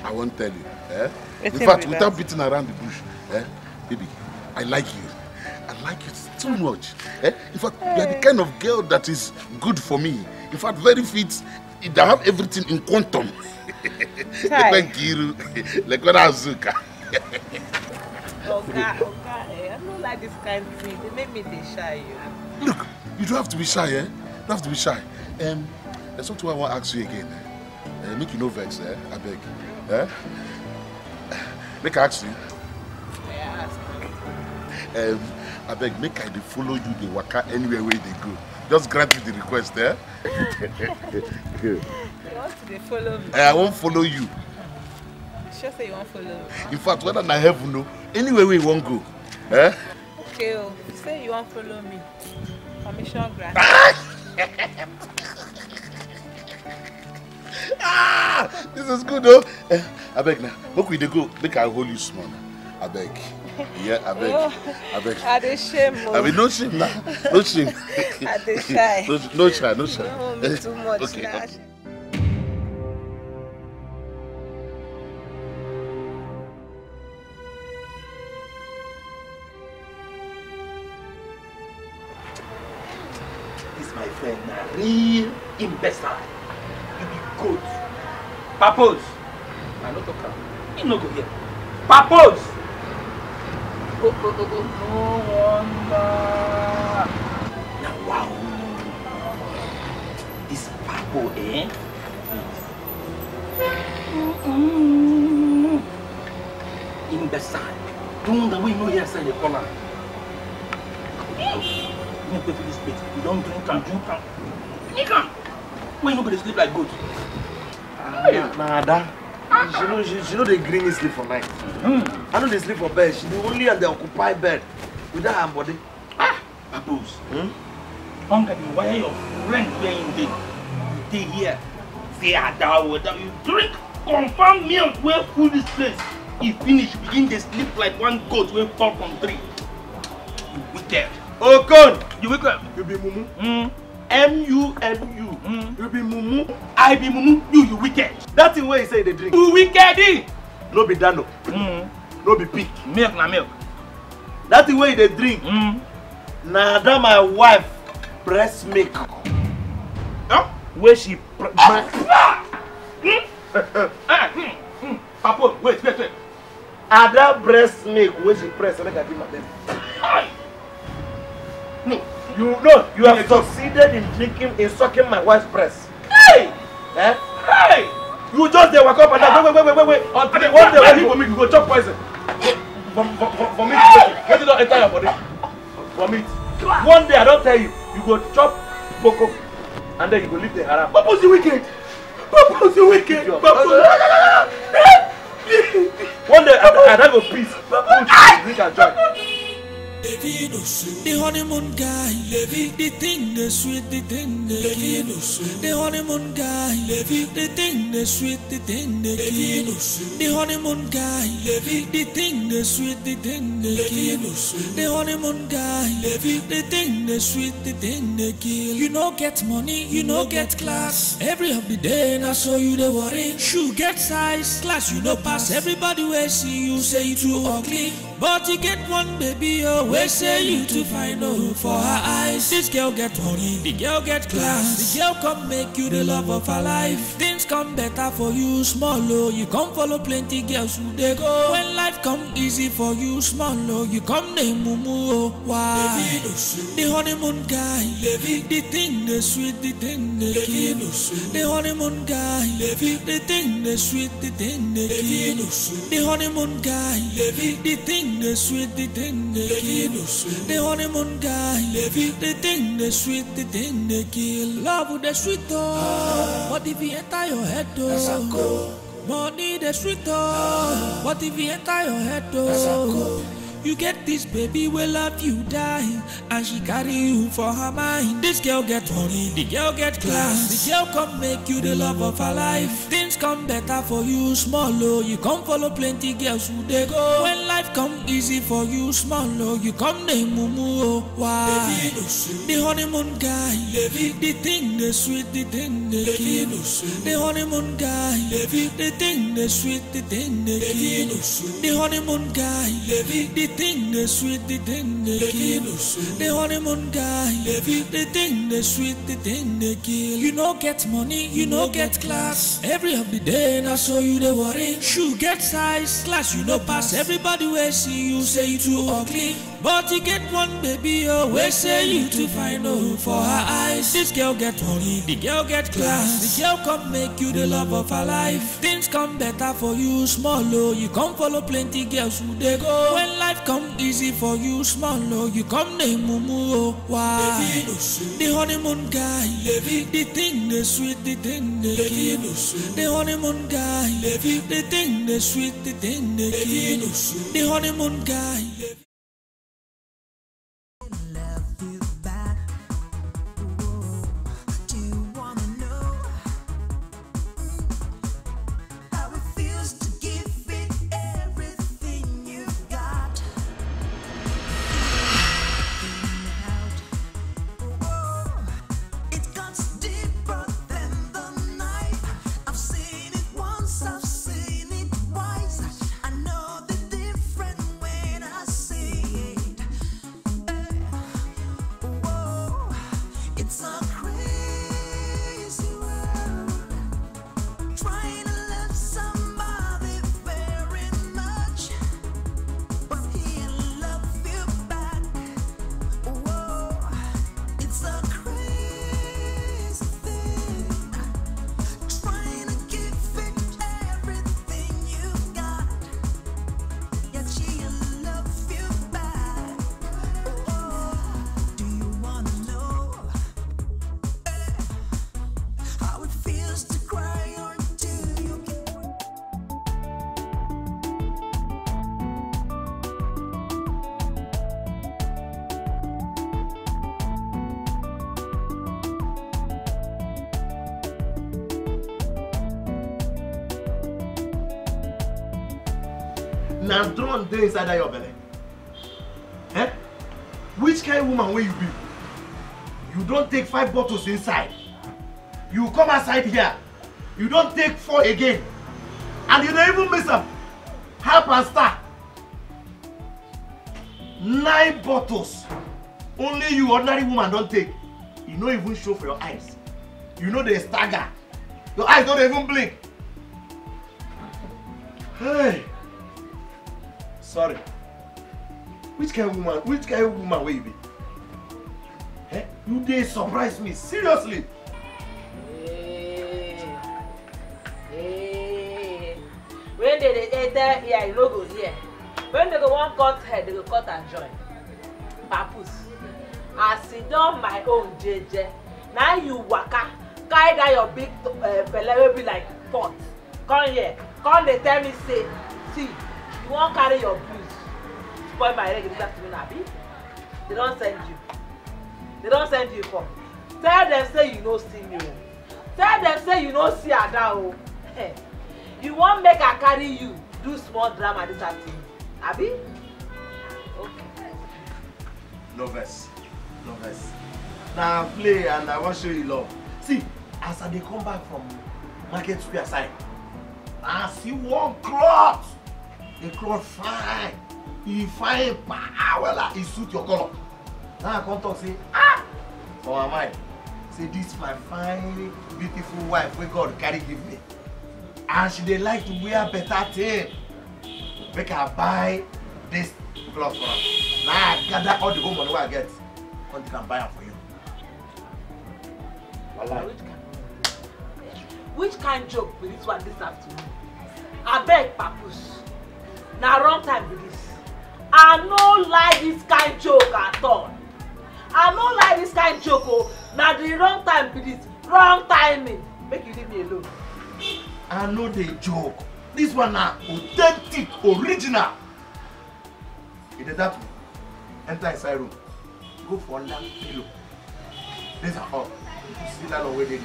i won't tell you eh? in fact without that? beating around the bush eh? baby i like you i like you too much eh? in fact hey. you the kind of girl that is good for me in fact very fit they have everything in quantum lekwe Like what azuka. oga oga eh, i no like this kind of thing dey make me shy. You. Oh. look you don't have to be shy. Eh? don't have to be shy. Um, there's something I want to ask you again. Uh, make you no vex, eh? I beg. Eh? Make I ask you. Yeah, ask me. Um, I beg, make I de follow you, dey waka anywhere where they go. Just grant me the request, eh? you want to follow me? Eh, I won't follow you. Sure say you won't follow me. In fact, whether I have no, anywhere where you won't go. Eh? Okay, oh, You say you won't follow me. Permission granted ah, this is good though. I eh, beg na make we dey go make I hold you small I beg. Yeah, abeg. Oh, abeg. I beg. dey shame o. Oh. Abi no shame na. No shame. I dey shy. No, no shy, no shy. No, me too much okay, na. Okay. real imbecile you be good. papos i no talk am he no go here. papos oh, oh, oh, oh. no wonder Now wow this papo eh. Mm -mm. imbecile the one we no hear say dey call am me pay this plate. You don't drink and drink and Drink am. Why you sleep like goat? Ah, Mada. na Ada. She no she, she no dey gree sleep for night. Mm. I know they sleep for bed. She the only and the occupied bed without her body. Ah, Babos. Hmm? Hunger dey wire your friend where you dey. You dey here. Say Ada without you drink confirm milk Where full this place. He finish begin dey sleep like one goat wey fall from tree. You wicked. Okon. You wake up. You be mumu. Mm. M-U-M-U. Mm. You be mumu. I be mumu. You, you wicked. That's the way you say the drink. You wicked. No be dano. Mm. No be pick. Milk na milk. That's the way they drink. Mm. Na that my wife breast milk. Huh? Where she. Ah! Hmm? Eh, hmm, hmm. Papa, wait, wait, wait. Ada breast milk where she press. Make I give my baby. No, you know you have succeeded in drinking in sucking my wife's breast. Hey! Eh? Hey! You just there wake up and down. Wait, wait, wait, wait, wait. Until the one day when you for me, you go chop poison. For for vomit, make it not enter your body. For me, One day I don't tell you, you go chop koko and then you go leave the haram. Papa is wicked. Papa is wicked. Papa. One day I, I don go peace. Put drink and joy. The honeymoon guy, the thing the sweet, the thing the The honeymoon guy, the thing the sweet, the thing the The honeymoon guy, the thing the sweet, the thing the The honeymoon guy, the thing the sweet, the thing the kill. You no get money, you no get class. Every of the day, and I saw you the worry. Shoe get size, class you no pass. Everybody where see you say you too ugly. But you get one baby, oh, where say you to find oh for her eyes. This girl get money, the girl get class, the girl come make you the love of her life. Things come better for you, small oh, you come follow plenty girls who they go. When life come easy for you, small oh, you come name mumu oh, why? The honeymoon guy, the thing the sweet, the thing the kill. The honeymoon guy, the thing the sweet, the thing the kill. The honeymoon guy, the thing thing they sweet, the thing they kill. The honeymoon guy, the thing they sweet, the thing they kill. Love the sweet oh, but if you enter your head oh, money the sweet ah. oh, but if you enter your head oh. You get this baby will love you dying And she carry you for her mind This girl get money, the girl get class The girl come make you the love of her life Things come better for you small oh You come follow plenty girls who they go When life come easy for you small oh You come name mumu oh why The honeymoon guy The thing the sweet, the thing the. kill The honeymoon guy The thing the sweet, the thing the. kill The honeymoon guy The thing they sweet, the thing they kill. The honeymoon guy, the thing they sweet, the thing they kill. You no get money, you no get class. Every of the day, I saw you they worry. Shoe get size, class you no pass. Everybody where see you say you too ugly. But you get one baby, oh, where say you to find oh, for her eyes. This girl get money, the girl get class. The girl come make you the love of her life. Things come better for you, small oh, you come follow plenty girls who they go. When life come easy for you, small oh, you come name mumu oh, why? The honeymoon guy, the thing the sweet, the thing the kill. The honeymoon guy, the thing the sweet, the thing the kill. The honeymoon guy. five bottles inside. You come outside here. You don't take four again. And you don't even miss them. Half a star. Nine bottles. Only you ordinary woman don't take. You don't even show for your eyes. You know they stagger. Your eyes don't even blink. Hey. Sorry. Which kind of woman, which kind of woman will you be? you dey surprise me seriously. Eh, eh. when they dey enter here you know go here. when they go one cut head, they go cut and join papus I sit e down my own jeje Now you waka carry that your big uh, eh, belle wey be like pot come here come they tell me say see you wan carry your bills spoil my leg this afternoon happy. they don't send you they don send you for tell them say you no see me o tell them say you no see ada o you wan make i carry you do small drama this afternoon abi okay. lovers lovers na play and i wan show you love see as i dey come back from market square side i see one cloth the cloth fine e fine pa ah, wella e suit your colour now i come talk say ah for my mind say this my fine beautiful wife wey god carry give me and she they like to wear better thing make her buy this cloth for her na i gather all the whole money i get come take am buy her for you. Wallahi. which kind joke be this one this afternoon I beg, papus na wrong time be this i no like this kind joke at all i no like this kind joke o oh. na the wrong time be this wrong timing make you leave me alone. i no dey joke this one na authentic original e dey that. me enter inside room go for under pillow these are all you see that one wey dey there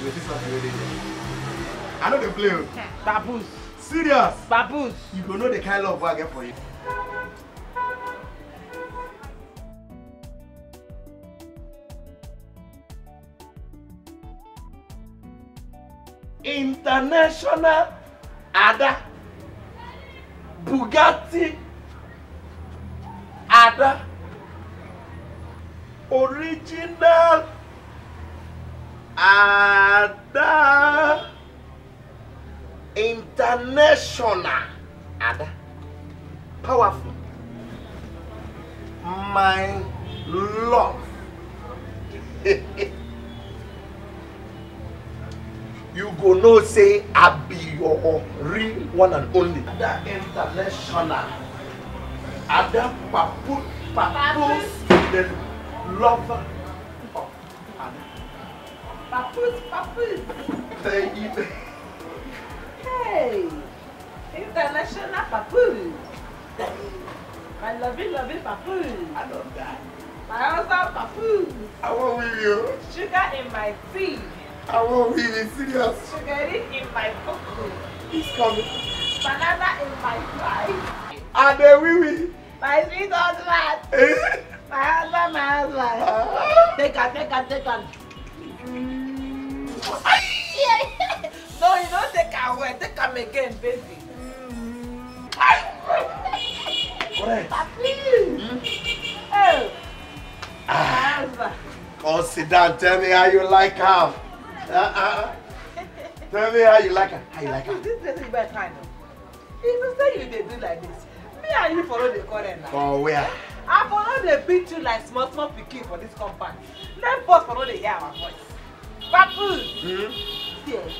you go see something wey dey there i no dey play o. Oh. baboos. serious. baboos. you go know the kind love wey i get for you. international ada Bugatti ada original ada international ada powerful my love you go know say I be your real one and only. Ada international, Ada Papu Papu the lover of Ada. Papu Papu. Hey, international Papu. My lovely, lovely Papu. I love that. My husband Papu. I want with you. Sugar in my tea àwọn really serious. sugar in my pocket. he's coming. banana in my pie. and then wee wee. my sweet husband. my husband my husband. Ah. take her, take her, take am. Mm. no you don't take her away. take her again baby. Oh. Come sit down, tell me how you like her. Uh-uh. Tell me how you like her. How you like her? This is you time. If you say you dey do like this, me and you follow the current now. For where? I follow the beat you like small small pikin for this company. Let boss follow the hear our voice. Papu! Mm-hmm. See, eh?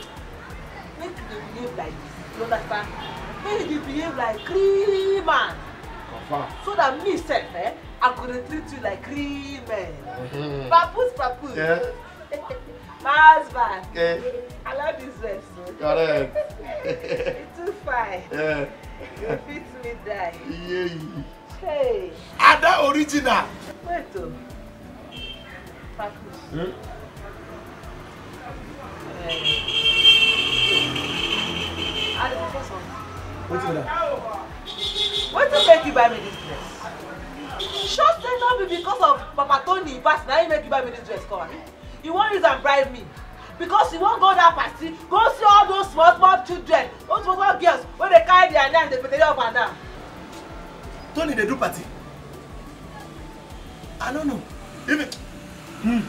make you behave like this. You understand? Make you behave like clean man. So that me sef, eh, I could treat you like clean man. Mm-hmm. Papus, papus. Yeah. husband. Yeah. I love this verse. Correct. it's too fine. Yeah. You fit me die. Yeah. Hey. Ada original. Wait oh. Pakus. Hmm? Uh, Ada What's that? Wetin make you buy me this dress? Just say no be because of Papa Tony But now you make you buy me this dress come. on you wan use am bribe me because you wan go that party go see all those small small children those small small girls wey dey carry their nine dey petele up and down. tony dey do party i no know even hmm,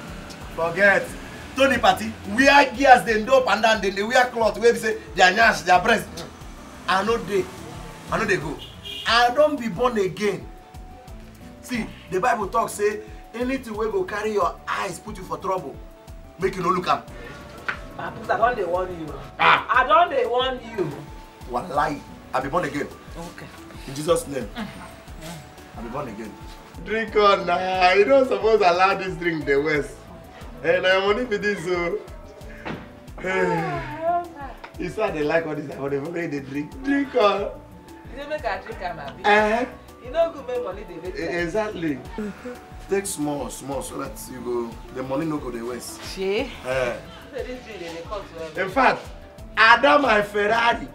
forget tony party wear gears dem dey up and down dem dey wear cloth wey be say their nyash their breast i no dey i no dey go i don be born again see the bible talk say anything wey go carry your eyes put you for trouble make you no look am. Ah, Papis, I don dey warn you. Ah. I don dey warn you. Wallahi, I be born again. Okay. In Jesus' name. Mm. I be born again. Drink on na, you no suppose allow this drink dey waste. Hey, eh, na your money be this o. Oh. Hey. You see I dey like all this, I go dey follow you dey drink. Drink on. You dey make I drink am abi? Uh eh? -huh. You no go make money dey make. E, exactly take small small so that you go the money no go the waste. ṣe. Uh, in fact ada my ferrari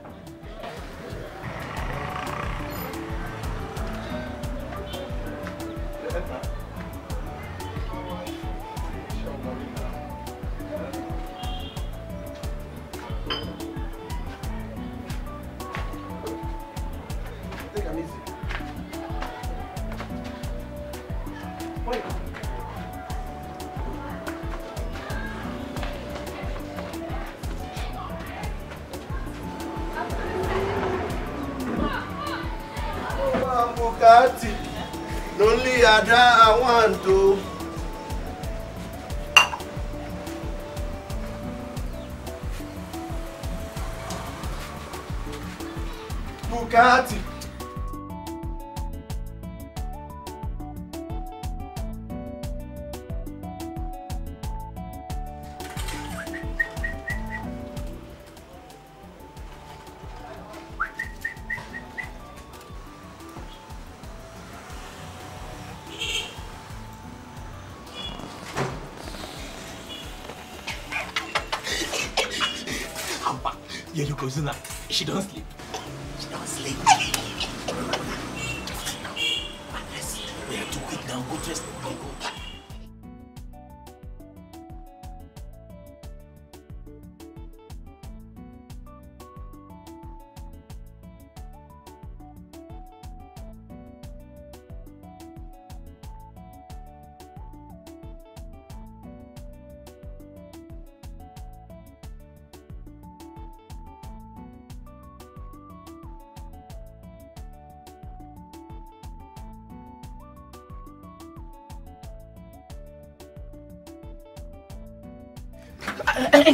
What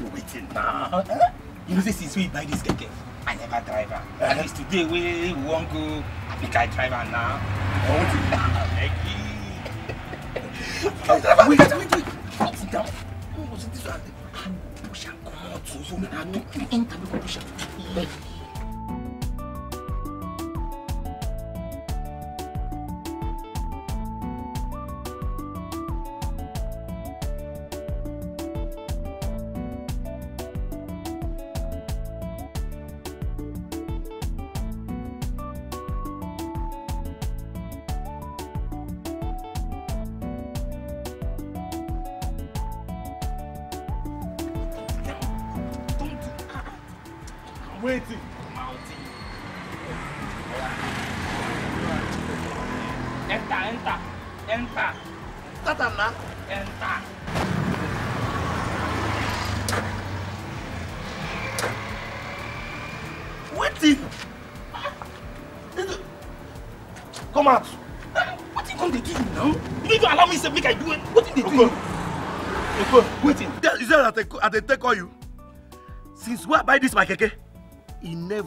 you waiting now? You know, since we buy this keke, I never drive her. And it's today we won't go. I think I drive her now. Oh, want to beg you. Wait, wait, wait. Sit down. What was this one? Push her, come out. So, so, I don't enter the push her.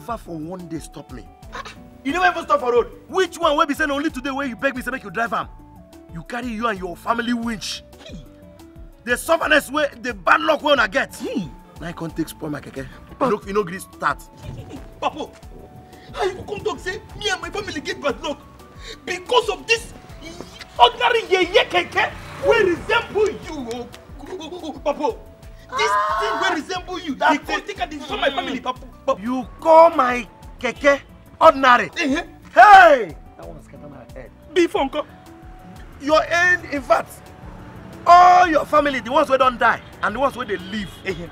never for one day stop me. you never even stop for road. which one wey be say only today Where you beg me say make you drive am you carry you and your family winch the sufferness wey the bad luck wey una get na come take spoil my keke look you know, gree start. papa how you come talk say me and my family get bad luck because of this ordinary yeye keke We resemble you o oh, oh, oh, papa. This ah. thing will resemble you. That because thing. Think it's not my family, Papu. You call my keke ordinary? Uh-huh. Hey! That one scatter my head. Before, uncle. Your end, in fact, all your family, the ones who don't die and the ones where they live, uh-huh.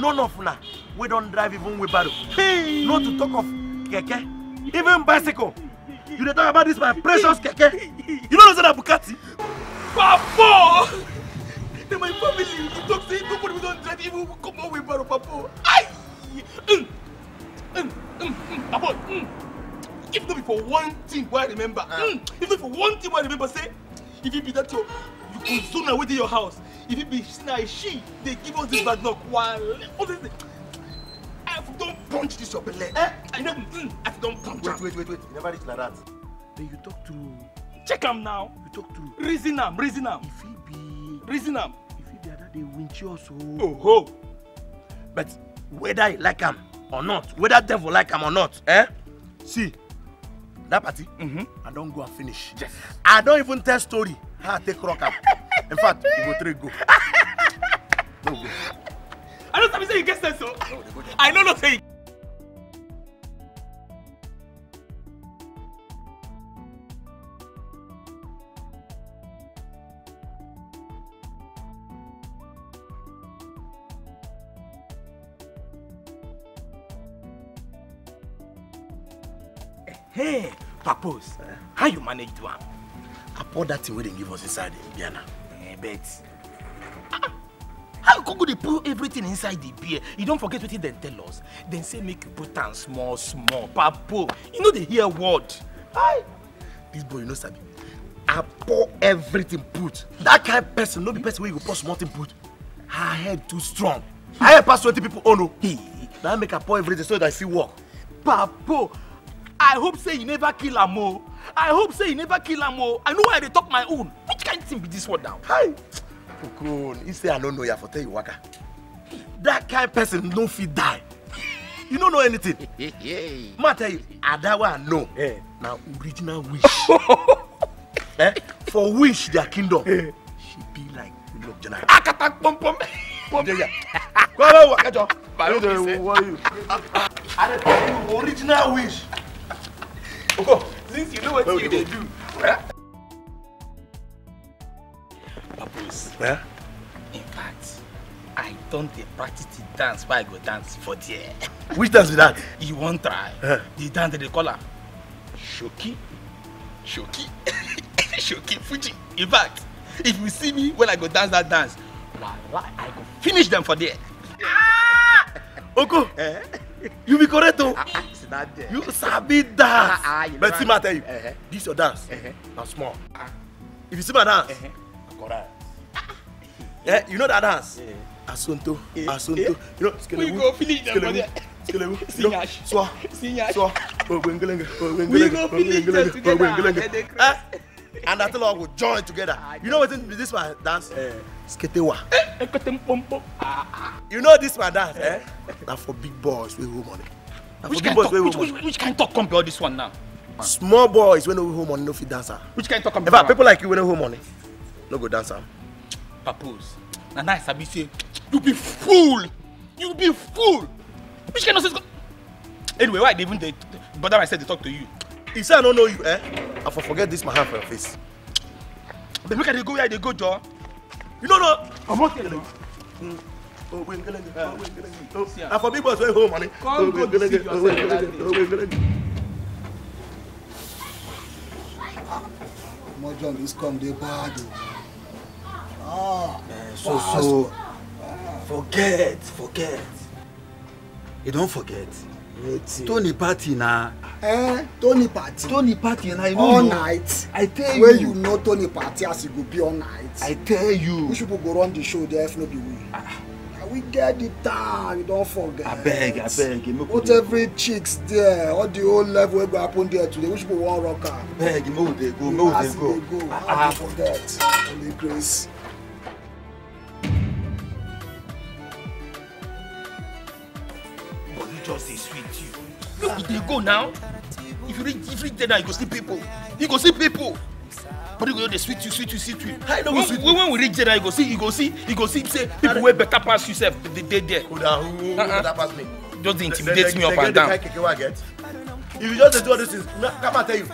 none of na we don't drive even wheelbarrow. Hey. Not to talk of keke, even bicycle. You dey talk about this my precious keke. You don't know that Bukati. Papo! na my family e tok say nobody wey don even come out baro papo ayi if no be for one thing wey i remember uh. mm. if no be for one thing wey i remember say if it be that your you go zona wey dey your house if it be snai she they give us this bad knock wale all this thing i for punch this your belle eh i no mm, i for punch wait wait wait wait you never reach like that. then you talk to. check him now. you talk to. reason him, reason him. If he be. reason him dey winch us o. oho but whether you like am or not whether devil like am or not eh see that party mm -hmm. i don go and finish yes. i don even tell story how i take rock am in fact we go three go. no go. i no sabi say you get sense oh. o i no know say you. manage do am i pour that thing wey dem give us inside the beer na eh bet ah, ah. how you go go dey pour everything inside the beer you don't forget wetin dem tell us dem say make you put am small small papo you know dey hear word hi this boy you know sabi i pour everything put that kind of person no be person wey you go pour small thing put her head too strong I have passed twenty people Oh no. o na make i pour everything so that i see work papo i hope say you never kill a o. Oh. I hope say you never kill am o. I know why I dey talk my own. Which kind thing be this one now? Hi. Okon, he say I no know ya for tell you waka. That kind of person no fit die. You no know anything. Ma tell you, Adawa no. Yeah. Na original wish. eh? For wish their kingdom. Yeah. She be like Goodluck Jonathan. Akata pom pom. Pom. Yeah, yeah. Go away, Wakajo. Bye. Don't worry. I tell you, original wish. Okay since you know what you dey do. Papos, eh? in fact, I don't dey practice the dance wey I go dance for there. Which dance is that? You won't try? Uh. The dance they call am Shoki, Shoki, Shoki Fuji. In fact, if you see me when I go dance that dance, I go finish them for there. Ah! Oko. Eh? you be correct o oh. ah, ah, you sabi dance ah, but see my tell you uh-huh. this your dance uh-huh. na small if you see my dance uh-huh. correct eh you know that dance asonto eh, asonto eh. you know skelewu skelewu skelewu you know swa swa ogbengelenge ogbengelenge ogbengelenge ogbengelenge and that thing all go join together you know wetin be this my dance. Eh sketewa. Eh, ekete mpompo. you know this madam eh? eh? na for big boys wey hold money. na for big boys wey hold money. which, which, kind talk come be all this one now. Man. small boys wey no hold money no fit dance am. which kind talk come be that one. people like you wey no hold money no go dance am. papos na now i sabi say you be fool you be fool which kind nonsense go. anyway why i dey even dey bother myself dey talk to you. e say i no know you eh? i for forget this my hand for your face. But make i dey go where i dey go jor. You don't know. I'm not kidding. Mm. Oh, we're gonna get. Oh, we're gonna get. Oh, yeah. for big boss, we're home, money. Come go to see yourself. Oh, we're gonna get. Oh, we're gonna get. Mojo, this come dey bad. Ah. Uh, so so. Ah. Forget, forget. You don't forget. Tony party na. Eh, Tony party. Tony party na you no know. All night. I tell you. Where you know Tony party as e go be all night. I tell you. Which people go run the show there if no be we. Ah. we get the time you don forget. abeg abeg make we dey put every chicks there all the whole level wey go happen there today which people wan rock am. abeg make we e dey go make we dey go. as e dey go how we forget. holy grace. vex with you make we dey go now if you reach if you there now you go see people you go see people but you go dey sweet you sweet you sweet you how you no go when we reach there you go see you go see you go see say people wey better pass yourself. They dey there. there koda who better pass me just dey intimidate me up and down if you just do all those things come and tell you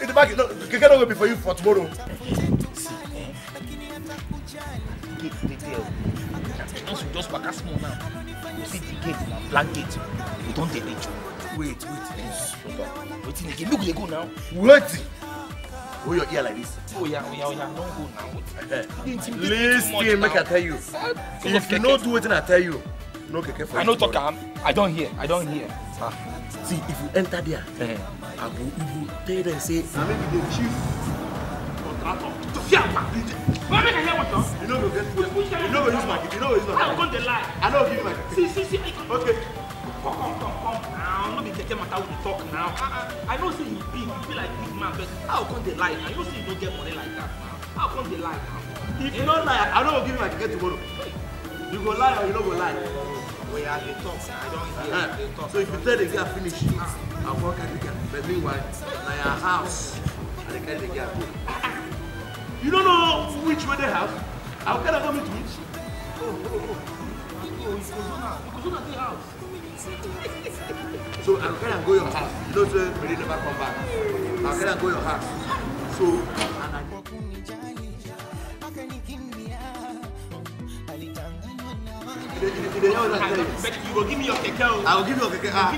in the market no keke no go be for you for tomorrow. see eh dey dey there o once you just waka small now. Blanket. na black we don dey reach wait wait please hold on wetin again make we dey go now wait hold your ear like this oya oh, oya oh, oya oh, no go now lis ten make i tell you if you no do wetin i tell you no keke for you i no talk am i don hear i don hear. Ah. see if you enter there eh, i go you go tell them say na me be the chief contractor see am back. Why make I hear what talk? You know go get food. You know go use my You no go use my I going to lie. I no give you my See, see, see. Okay. Come, come, come, come now. No be keke matter we talk now. I, I, I know say you big. He be like big man, but how come they lie? you know say you don't get money like that now. How come they lie now? If you don't lie, I no go give you my ticket tomorrow. You go lie or you no go lie. We are the talk. I don't hear. Uh -huh. They talk. So if you tell the girl finish, I won't carry the girl. But meanwhile, na your house, I dey carry the girl You don't know which way they have? How can I come into which? Oh, oh, oh. Ikozona. Ikozona the house. so how can I go your house? You know, say we never come back. How can I go your house? So, and I... You go give me your keke. I'll give you your keke. I'll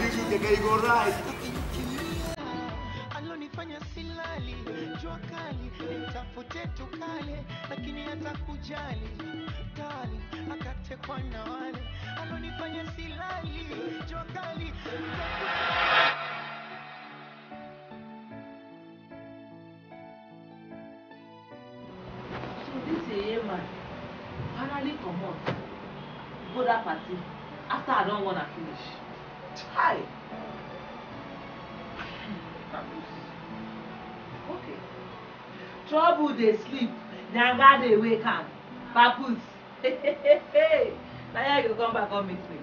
give you keke. You go right. tukale, lakini atakujali kali akatekwa na wale alonifanya silali jua kali okay trouble dey sleep nyanga dey wake am papus na here you come back come meet me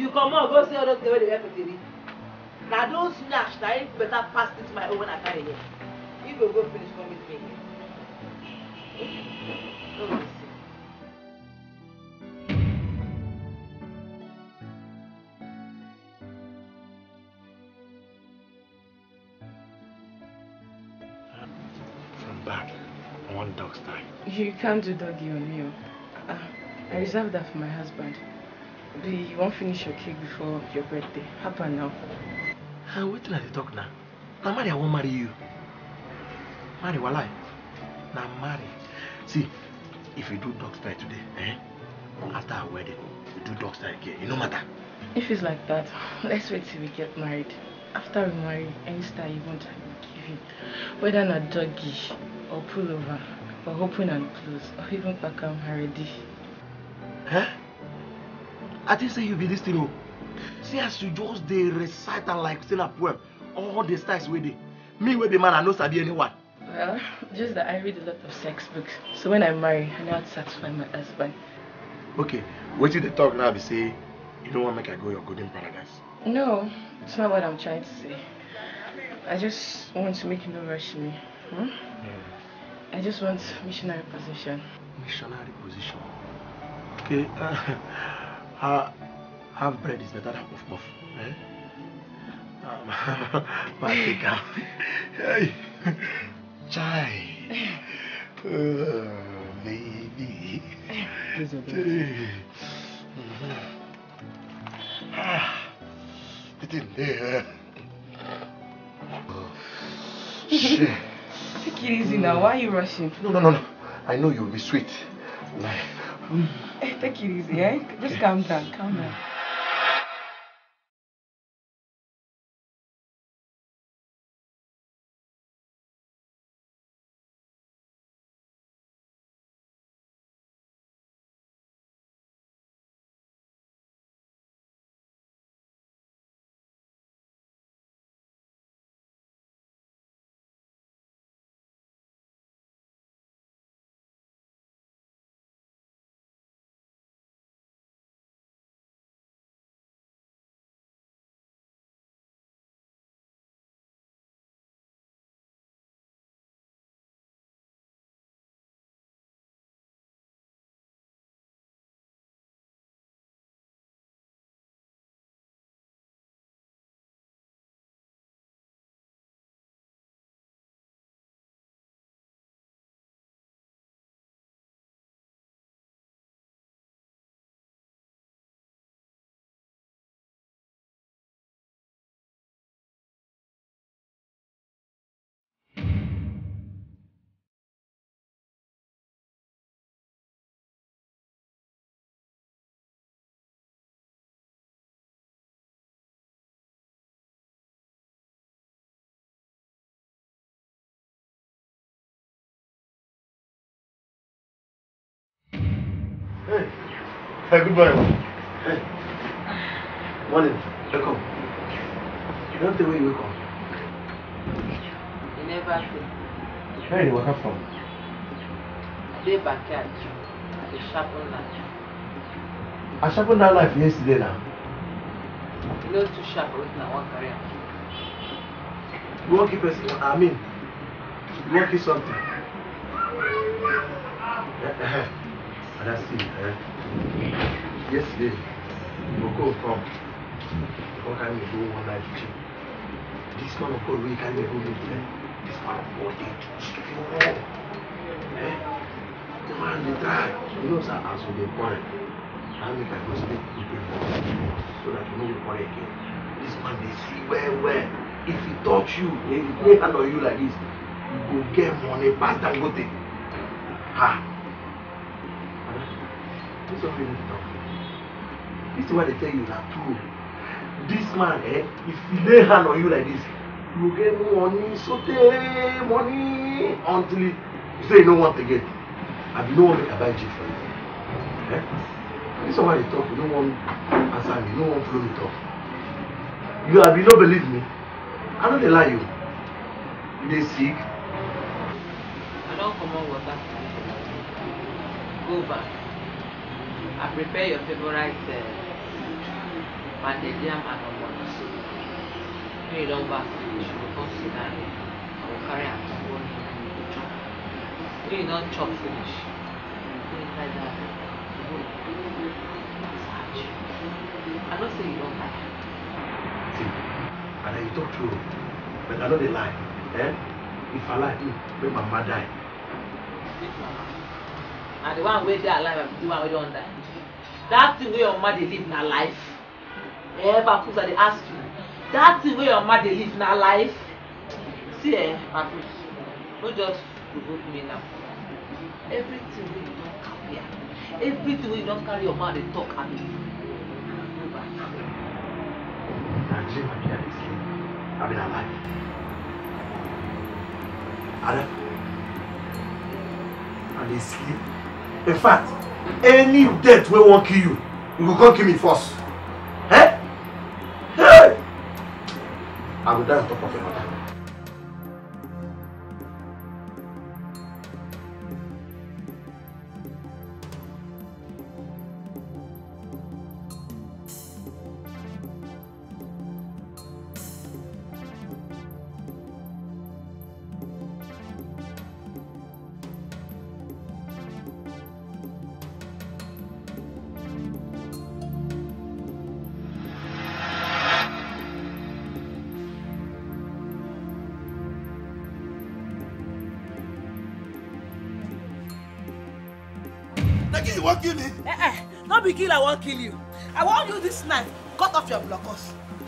you comot go see all those girls wey dey wear peteri na those snatch na him better pass this my own when i carry here you go go finish come meet me here. that. I want dog style. You can't do doggy on me. Uh, I reserve that for my husband. But you won't finish your cake before your birthday. Happen now. Uh, wait till I talk now. Now, Mary, I won't marry you. Marry, walai. Now, marry. See, if you do dog style today, eh? After our wedding, we do dog style again. It no matter. If it's like that, let's wait till we get married. After we marry, any style you want, I will give you. Whether not doggy or pullover for open and close or even pakam haredi. Huh? I didn't say you be this thing. Oh. See as you just they recite and like still a poem. All the styles with it. Me with the man I know sabi anyone. Well, just that I read a lot of sex books. So when I marry, I know how to satisfy my husband. Okay, what did they talk now? They say you don't want to make I go your golden paradise. No, it's not what I'm trying to say. I just want to make you know rush me. Hmm? Yeah. Hmm. I just want missionary position. Missionary position? Okay. Uh, uh, half bread is better than puff puff. Eh? Um, but Chai. Uh, Ah, it's in there. Shit. Take it easy now. Why are you rushing? No, no, no, no. I know you'll be sweet. Like, hey, eh, take it easy, eh? Just calm down, calm down. Sir, good morning. Morning. Welcome. You don't say where you wake up. You never say. Where you wake from? Day backyard. I sharpened that. I sharpened that life yesterday now. You know too sharp with now one career. Work person, I mean, work is something. Eh, eh, eh. Ada see her. Yesterday, Moko come. Moko carry me do one night trip. This man of God we can me go meet her. This man of God dey give you more. Eh? The man dey try. You know sir, as we dey quarrel, na make I go speak to people so that we no go quarrel again. This man they see where where. If he touch you, if he lay hand on you like this, you go get money pass Dangote. Ha! do something with it this is why they tell you na true this man eh if he lay hand on you like this you get money so sotey money until you say you no want again abi no wan make i buy jeep for you eh this is why they talk you no wan answer me you no wan follow me talk you abi no believe me i don't dey lie you you dey sick. i come on water go back. I prepare your favorite uh, pounded yam and ogbono soup. When you don baff finish, you go come sit down here. Uh, I will carry am to go in and you go chop. When you don chop finish, you go inside that bowl. Massage. I know say you don tire. See, and then you talk true, but I no dey lie. Eh? If I lie, mm. make my mama die. and the one wey dey alive and the one wey don die that thing wey your mama dey live na life ever put i dey ask you that thing wey your mama dey live na life see eh papi no just provoke me now everything wey you don carry everything wey you don carry your mouth dey talk abi no bad na dream I i dey sleep abi na life ada i dey sleep in fact any death will wan kill you you will come kill me first eh hey! i will die on top of your mother.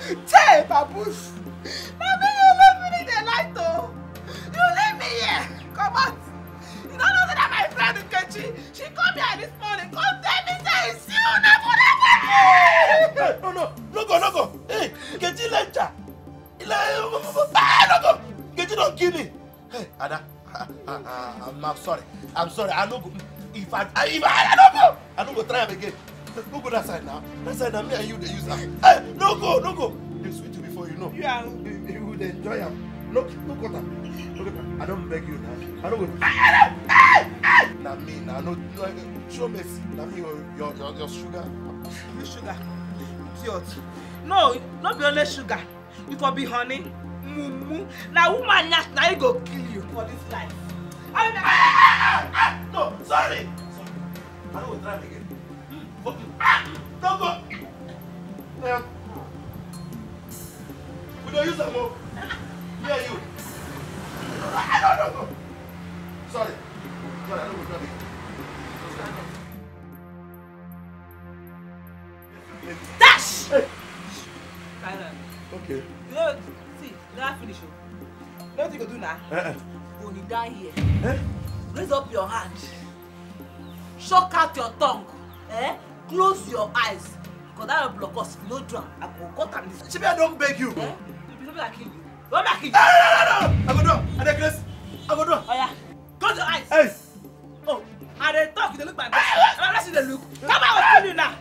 Hey, Papoose! Mommy, you leave me in the light, though! You leave me here! Come on! You don't know that my friend is catching. She come here this morning. Come tell me that it's you, never, never! No, no, no go, no go! Hey, Kechi Lencha! No go! Kechi, don't kill me! Hey, Ada, ah, ah, ah, I'm sorry. I'm sorry. I no go. If I, if I, I no go! I no go try again. Let's go that side now. That side now, me and you, they use am. Hey, eh, no go, no go. They sweet you before you know. You are, you, would enjoy am. Look, look what I'm. Look, at I don't beg you now. I don't go. I don't. Hey, hey. Now me, now no, no, eh, show me. Now me, your, your, your, your sugar. Your sugar. Idiot. No, not be only sugar. You for be honey. Mumu. Now woman, now you go kill you for this life. I mean, ah, ah, ah, ah. No, sorry. Sorry. I don't go drive again. Okay. Don't go! Now, we don't use them more. Yeah, you. I don't know. Sorry. Sorry, I don't know. Dash! Hey. Kylan. Okay. You know, see, you don't finish. You know what you go do now? Uh-uh. When you die here, eh? raise up your hand. Shock out your tongue. Eh? close your eyes because that will block us if you no do am i go cut am. shebi i don beg you. Shebi, you i kill you you want make i eh, kill you. no no no no i go do am i dey close? i go do am. oya oh, close your eyes. Eyes. oh i dey talk you dey look my face my you dey look come out kill you now.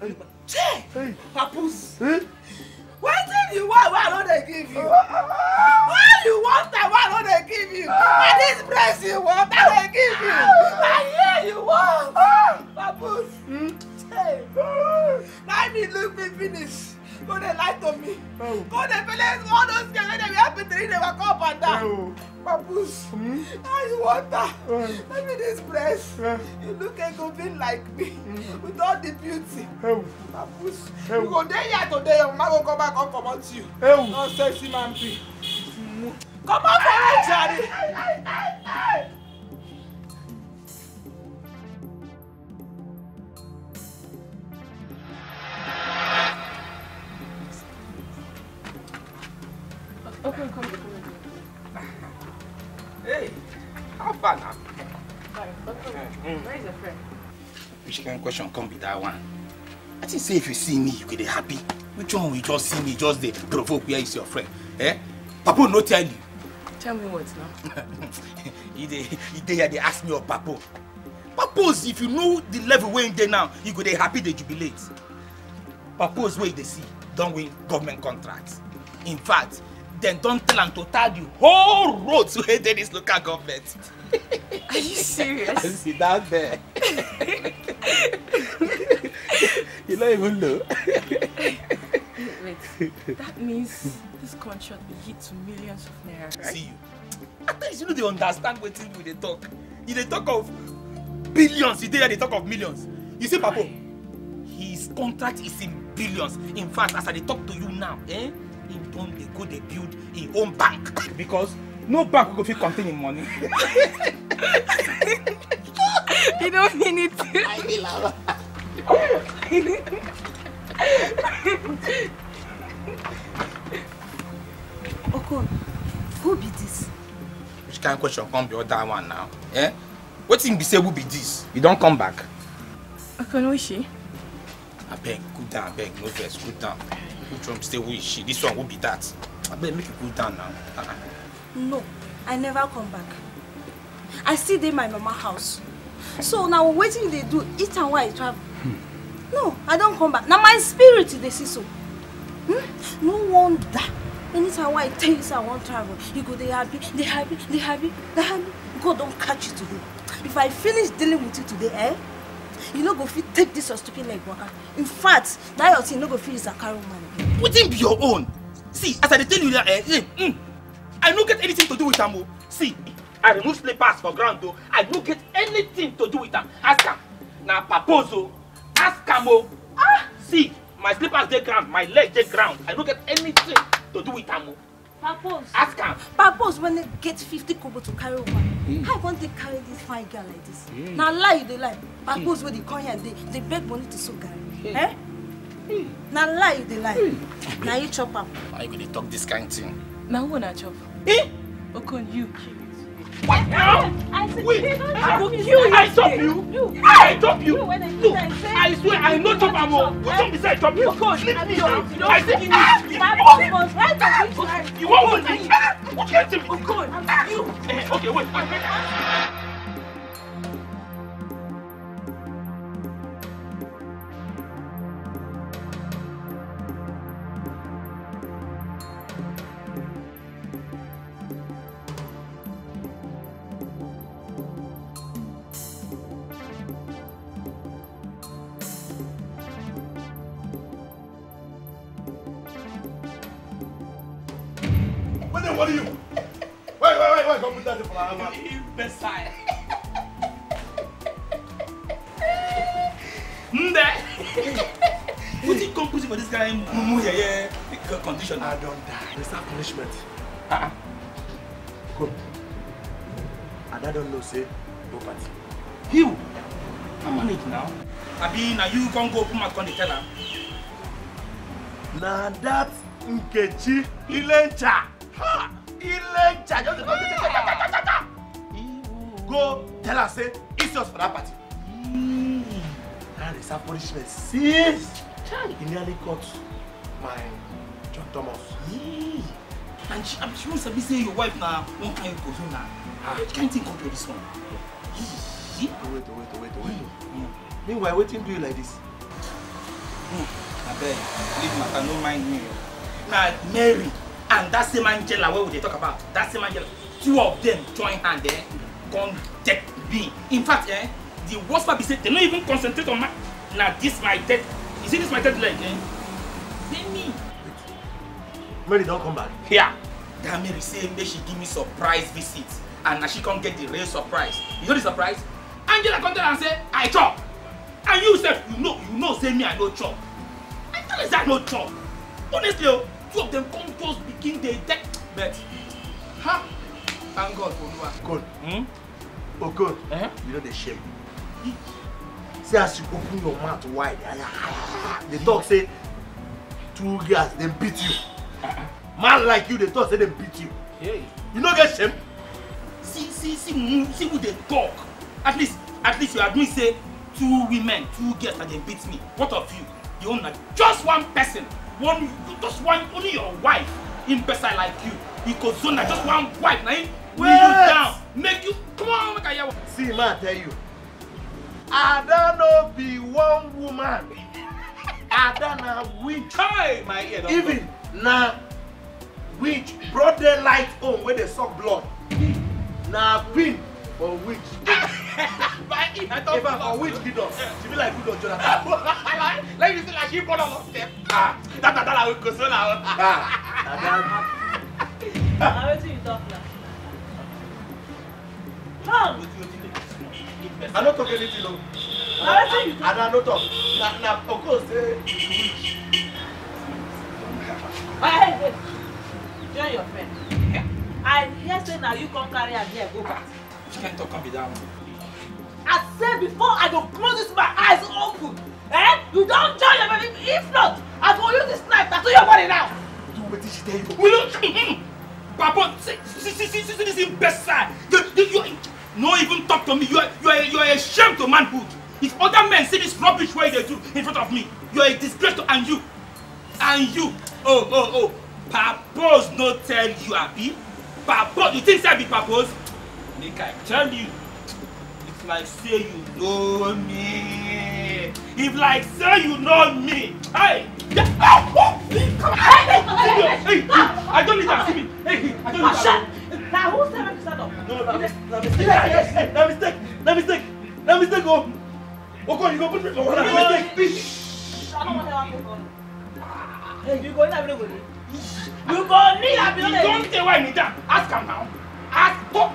Hey. Che! Hey. Papoose! Hey wetin you want wey i no dey give you when you want am wey i no dey give you na this breast you want i dey give you na here you want. papoose. Ah. Hmm? Hey. na me look me finish go dey lie to me go dey believe all those girls wey dey wear petri dey waka up and down papus ice water no be dis breast you look a good egungun like me hmm. with all the beauty papus you go there here today your mama go come back come comot you nonsense man Come on, for me Charlie. Open, come, come. Hey, how far now? Mm. Where is your friend? Which kind of question come with that one? I think say if you see me, you could happy. Which one will just see me, just the provoke where is your friend? Eh? Papo, no tell you. Tell me what now? he they, they, they ask me of Papo. Papa's, if you know the level where there now, you could be happy they jubilate. Papo's way they see, don't win government contracts. In fact, dem don tell am to tie the whole road to wey dey dis local government. are you serious. sit down there. you no even know. wait that means this contract dey hit to millions of naira right. see you at times you no dey understand wetin we dey talk you dey talk of billions you dey here dey talk of millions you see Papa? his contract is in billions in fact as i dey talk to you now eh, him don't dey go dey build him own bank. because no bank go fit contain him money. you don't mean it. i will allow. Okon, who be this? Which kind of question come be that one now? Eh? Wetin be say who be this? You don come back. Okon, who is she? Abeg, go down, abeg, no vex, go down. Which one stay who is she? This one will be that. I better make you cool down now. Uh-uh. No, I never come back. I still dey my mama house. So now waiting. They do eat and why travel. Hmm. No, I don't come back. Now my spirit they see so. Hmm? No wonder. Anytime why I tell you say I wan travel, you go they happy, They happy, They happy, They happy. God don't catch you today. If I finish dealing with you today, eh? you no go fit take this your stupid leg waka in fact dat your thing no go fit use carry woman again. wetin be your own see as i dey tell you that eh, eh mm, i no get anything to do with am o oh. see i remove slippers for ground o oh. i no get anything to do with am ask am na papos o oh. ask am o ah see my slippers dey ground my leg dey ground i no get anything to do with am o Purpose. Ask am. Purpose when they get 50 kobo to carry over. Mm. How you want to carry this fine girl like this? Mm. Now lie they lie. Purpose mm. when they come here, they, they beg money to so carry. Mm. Eh? Mm. Now lie they lie. Mm. Now you chop am. Are you going to talk this kind thing? Now who na chop? Eh? Okon, you. What? No. Wait, I will oh. eh? kill you. I chop ah, you. you. I chop you. Look, I swear I no chop Amo. Who chop me say I chop you? Leave me now. I say you. You want one? Ah, ah, who can't tell me? Okay, wait, wait, wait. imbecile. Nde. Putting conclusion for this guy mumu yeah. condition. I don't die. There's that punishment. Uh-uh. Go. Ada don't know say no party. You. I'm on it now. Abi now you gon go Put my con tell Now Na that Nkechi Ilencha. Ha! Ile Jaja go ta Go tell her say it's yours for that party. Mm. That is her punishment. See? He nearly got my John Thomas. And she, I mean, she must be saying your wife now one kind of perfume now. Ah. Which kind of thing compare this one? Wait, wait, wait, wait, wait. Hmm, hmm. Meanwhile, waiting do you like this? Mm. leave my no mind me. Now, Mary and that same Angela where we dey talk about that same Angela two of them join hand eh come deck me in fact eh the worst part be they don't even concentrate on my Now this my dead you see this my dead leg eh na me. Mary don't come back. Yeah. that Mary say make she give me surprise visit and na she come get the real surprise you know the surprise Angela come tell and say I chop and you sef you know you know say me I no chop I tell you say I no chop honestly Oh, two of them come just begin dey attack Bet, ha thank god for Oluwa. god hmm? okon oh, eh? you no dey shame see as you open your mouth wide dey talk say two girls dem beat you uh-uh. man like you dey talk say dem beat you hey. you no get shame see see see see who dey talk at least at least you admit say two women two girls na dey beat me what of you the own just one person one just one only your wife imbecile like you Because ikozona just one wife na him kneel you down make you come on make i hear one. see ma tell you ada no be one woman ada na witch. hi my ear don even na witch broad daylight own wey dey suck blood na pin for which Eba for which kingdom? She be like good on Jonathan. Let me see like you born on step. Ah, that that that we go so now. Ah, that. Ah, wetin you talk now? Come. I no talk anything no. Na ah, wetin you talk? Ada no talk. Na na Oko say you rich. Hey, hey, join your friend. I hear say now. you come carry a here go back can't talk and be down. I said before I don't close this my eyes open. Eh? You don't join your baby. If not, I go use this knife to your body now. Do what did she tell We don't. Papa, see, see, see, see, see this imbecile. You, you, you, no even talk to me. You are, you are, you are a shame to manhood. If other men see this rubbish way they do in front of me, you are a disgrace to and you. And you. Oh, oh, oh. Papos not tell you, happy. Papa, you think I be papos? make i tell you if like say you know me if like say you know me hey i don't need that see me hey i don't need that na who say make to stand up no no na mistake na mistake na mistake na mistake o o god you go put me for wahala na mistake. i don't want to help you for you. you go in me. you go kneel abi no dey. you don't say why you need am ask him now ask talk.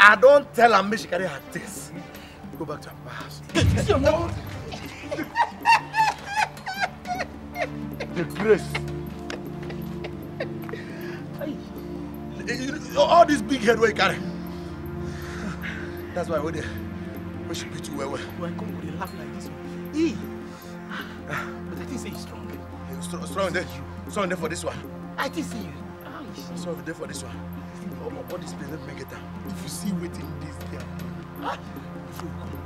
I don't tell her make she carry her things. Go back to her house. the grace. All this big head wey carry. That's why we dey. We should beat you well Why come with a laugh like this? Ee. But I think say you strong. You strong, strong there. Strong there for this one. I think see ah, you. Strong there for this one omo all this place let me get if you see wetin this, girl ah if you come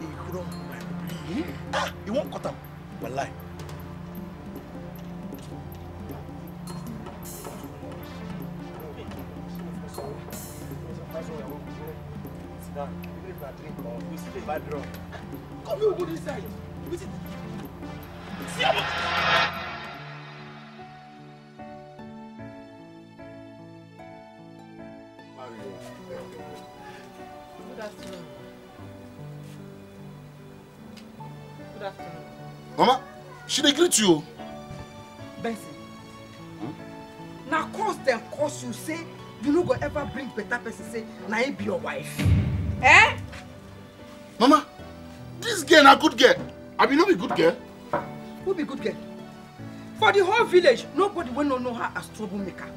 e run my brain ah e wan cut am walai. Come here, go this side. See you. she dey greet you. benson hmm? na curse dem curse you say you no go ever bring better person say na him be your wife. Eh? mama dis girl na good girl abi no be good girl. who be good girl for the whole village nobody wey no know her as troublemaker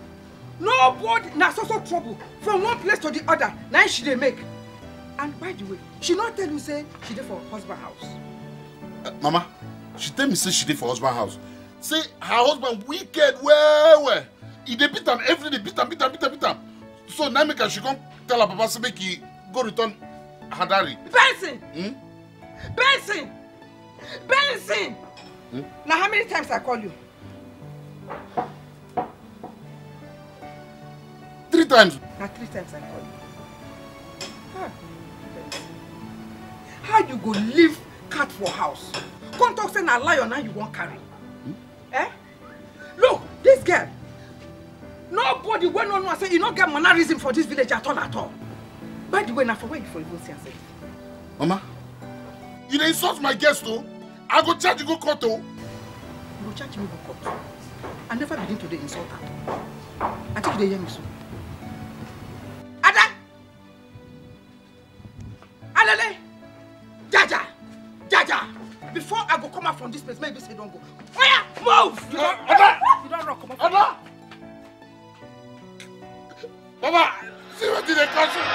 nobody na so so trouble from one place to the other na she dey make and by the way she no tell you say she dey for husband house. Uh, mama she tell me say she dey for husband house say her husband wicked well well e dey beat am every day beat am beat am beat am beat am so na make her she come tell her papa say make he go return her hadari. benson hmm? benson benson hmm? na how many times i call you. three times. na three times i call you. how you go leave cat for house come talk say na lion now you wan carry eh look this girl nobody wey no know say e no get mannerism for this village at all at all by the way na for where you for igbo see am sef. mama you dey insult my guest o i go charge you go court o. you go charge me go court i never begin to dey insult am i think you dey hear me so. ada alele jaja jaja before I go come out from this place, maybe say don't go. Fire! Move! You don't, uh, Oda! You don't rock, come on. Oda! Baba, see what did they cause you?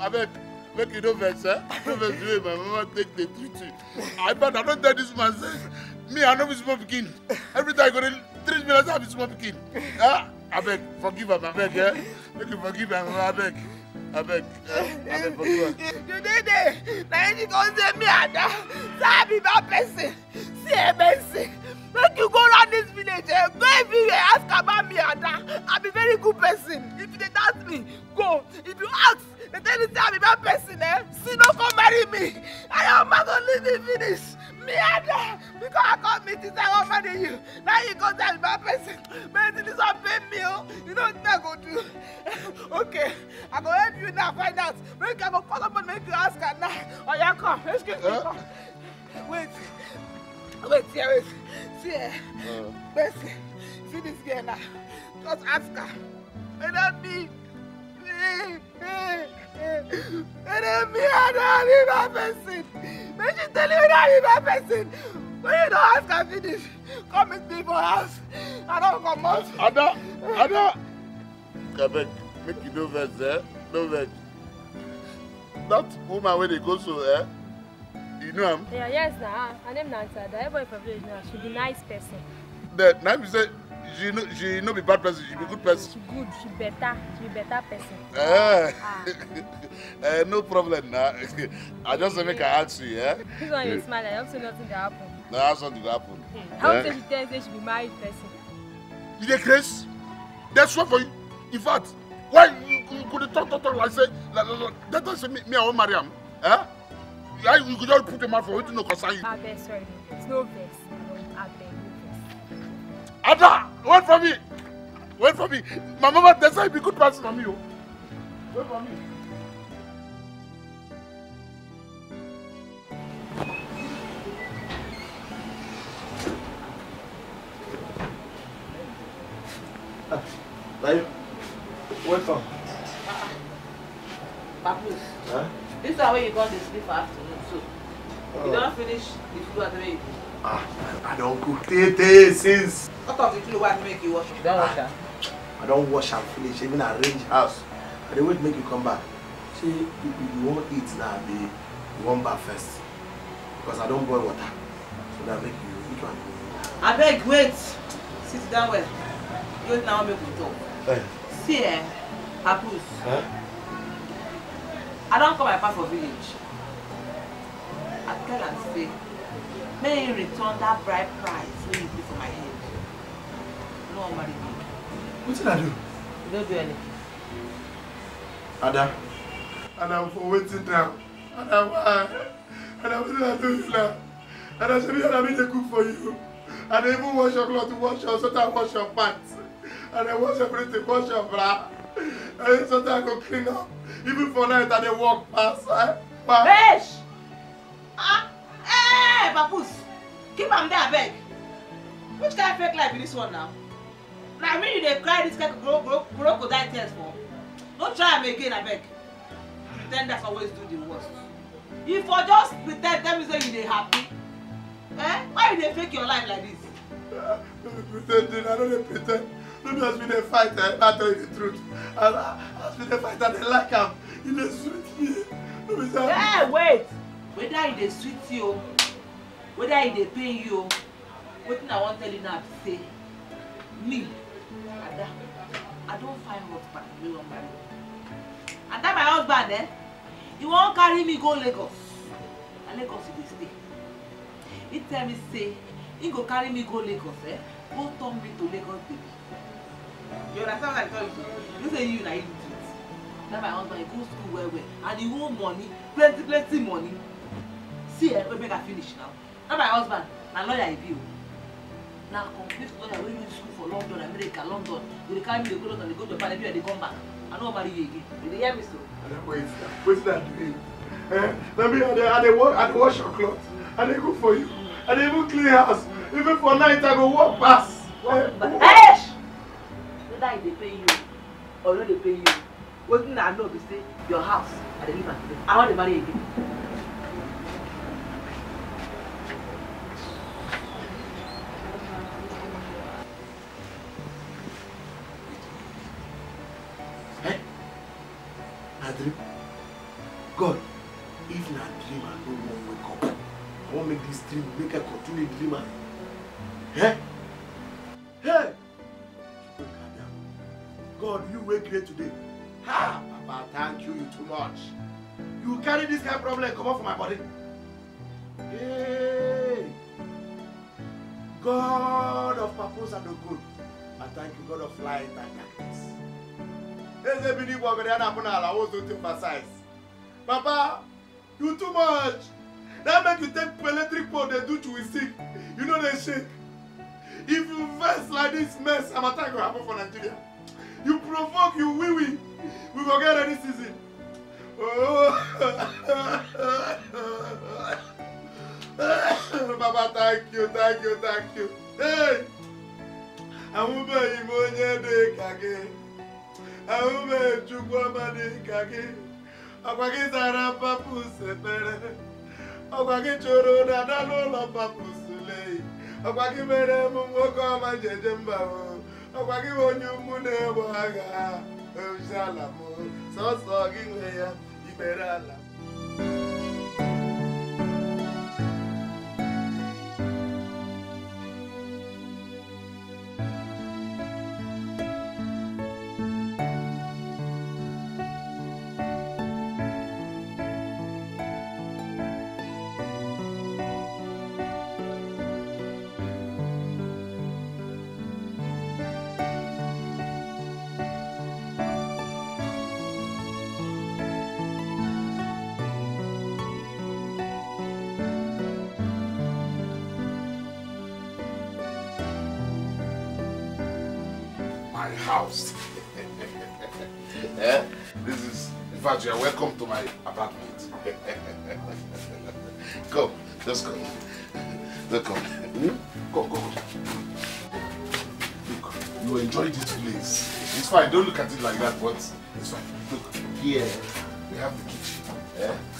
Abeg, make you no vex, eh? No vex the my mama take the treat I bet I don tell this man say, me I know be small begin. Every time I go to treat me like say I be small pikin. Eh? beg, forgive I beg, eh make you forgive I beg, I beg, forgive am. you did it. Now you go say me ada say i be bad person see emergency make you go round this village eh go everywhere ask about me ada i be very good person if you dey doubt me go if you ask they tell you say i be bad person eh see no come marry me i am not going to leave me finish me out there because I can't meet this I man money you. Now you go tell my person, man, this is not pay me. Oh. You know what I go do. okay, I go help you now find out. Make I go call someone, make you ask her now. Oh yeah, come. Excuse me, huh? Wait. Wait here, wait. See here. Eh? Uh. Wait. See this girl now. Just ask her. Let her be. And then come with me for house. I don't come make you no vex, eh? No vex. That woman where they go so, eh? You know him? Yeah, yes, na. Her name na Ada. boy for village now. She be nice person. The, now you say she no she no be bad person she be good person. she good she better she be better person. Eh. Ah. eh, no problem na i just say make i ask you. Eh? this one you smile i hope say nothing dey happen. na how something dey happen. i hope say she tell you say she be married person. you dey craze that's one for you in fact why you you go dey talk talk talk like say like like that time say me me i wan marry am. Eh? you go just put your mouth for wetin no concern you. Ah, abeg sorry it's no vex. Ada, wait for me. Wait for me. My mama, that's to be good person for me. Oh. Wait for me. Like, what's up? Uh-uh. Papus. Huh? This is the way you got to sleep for afternoon, so. Oh. You don't finish the food at the way you do. Ah, I don't cook tete since. What of the clothes I make you wash? You don't wash am. I don't wash and finish. Even arrange house. I don't wait make you come back. See, you, you wan eat now. be you bath first. Because I don't boil water. So that make you eat one? I beg, wait. Sit down well. You don't now make we talk. Hey. Eh. See eh, Papus. Huh? I don't come my papa for village. I tell and say May you return that bride price when you pay for my head. No, marry me. What did I do? You don't do anything. Ada. Ada, for waiting now. Ada, why? Ada, what did I do now? Ada, Shebi, Ada, me dey cook for you. Ada, even wash your clothes, wash your, so that wash your pants. Ada, wash everything, wash your bra. Ada, so that I go clean up. Even for night, I walk past. Pass. Eh? Bish! Ah! papus keep am there beg. which kind of fake life is this one now Now I mean you dey cry this kind of gro gro die. tears for Don't try am again I beg. Pretenders always do the worst If for just pretend, them d tell say you dey happy eh why you dey fake your life like this. Pretending. i don't dey pre ten d no be as we dey fight eh na tell you the truth as as we dey fight i dey like am e dey sweet me no be say i. eh wait whether e dey sweet you whether e dey pain you o wetin i wan tell you now be say me ada i don find husband wey wan marry me and that my husband eh he wan carry me go lagos na lagos he dey stay he tell me say he go carry me go lagos eh go turn me to lagos baby you understand what i tell you you say you na you do it na my husband he go school well well and he owe money plenty plenty money see eh wait make i finish now not my husband na lawyer i be o na complete lawyer wey use school for london america london go dey carry me dey go london dey go japan everywhere dey come back i no marry you again you dey hear me so. wait wait na dream eh na me i dey i dey wash i dey wash your clothes, i dey cook for you i dey even clean house even for night i go work pass. work eh? pass eh whether e dey pay you or no dey pay you wetin i know be say your house i dey live am i wan dey marry again. God, if na dream I no wan wake up, I wan make this dream make I continue dream am. Eh? Hey! God, you wake here today. Ha! Papa, thank you, you too much. You carry this kind of problem comot for my body. Hey! God of purpose and of good, I thank you, God of light and darkness. Eze bi n'igwe ọgọdọ ya na-abụ n'ala ozu otu mba size. Papa, you too much. That make you take electric pole they do to we sick. You know they shake. If you vex like this mess, I'm attack go happen for Nigeria. You provoke, you wee wee. We go get ready season. Oh. Papa, thank you, thank you, thank you. Hey! Ahụbeghị m onye dị ka I'm Ahụbeghị Chukwu ọma dị ka gị. ọkwa gị zara papus ekpere ọkwa gị chụrụ dada n'ụlọ papus lei ọkwa gị mere m nwoke ọma ji eje mba ọkwa gị onye ụmụ na-egbo agha oziala m sọsọ gị nwe ya ikpere ala m out, you are welcome to my apartment. come, just come. go. Let's come. Go, hmm? Look, you enjoy this place. It's fine, don't look at it like that, but it's fine. Look, here we have the kitchen.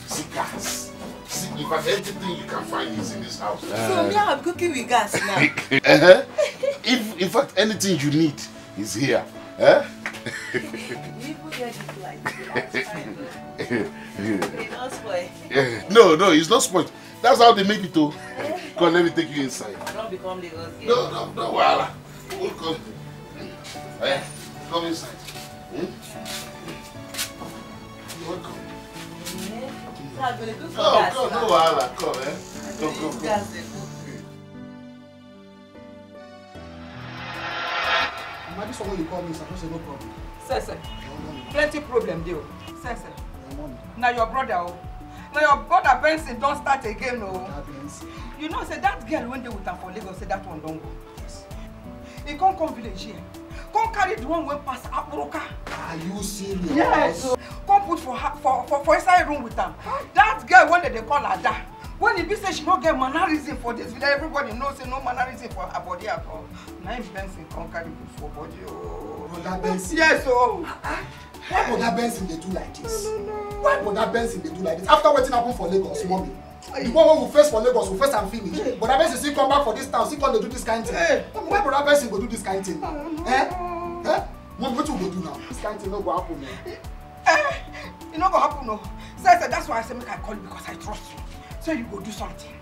See gas. See, in fact, you can find is in this house. Uh, so, me, I'm cooking with gas now. uh -huh. if, in fact, anything you need is here. Eh? No, no, it's not spoiled. That's how they make it, too. Oh. Come, let me take you inside. don't become the girl. No, no, no, voila. We'll come. Hey, eh, come inside. Hmm? You're welcome. Yeah. Come, come, no, voila. Come, eh? Come, come, come. Imagine someone you call me, I it's supposed to no problem. sese plenty problem dey o sese your brother o na your brother benson don't start again oh. you know say that girl wey dey with am for lagos say that one don't go Yes. He can't come village here come carry the one when pass akpuruka. are you serious. yes o come put for her for for for inside room with them. That girl wey dem dey call ada when e be say she no get mannerism for this, village everybody know say no mannerism for her body at all na benson can't carry before body Oh. Brother Benson. Yes, oh. Why Brother Benson they do like this? Why Brother Benson they do like this? After wetin happen for Lagos, mommy. The one who we for Lagos, we face and finish. Brother Benson still come back for this town, still come dey do this kind of thing. Why Brother Benson go do this kind of thing? Eh? Eh? Mom, wetin you go do now? This kind of thing no go happen. man. Eh? It eh, eh, e no go happen no. So I said, that's why I say make I call you because I trust you. So you go do something.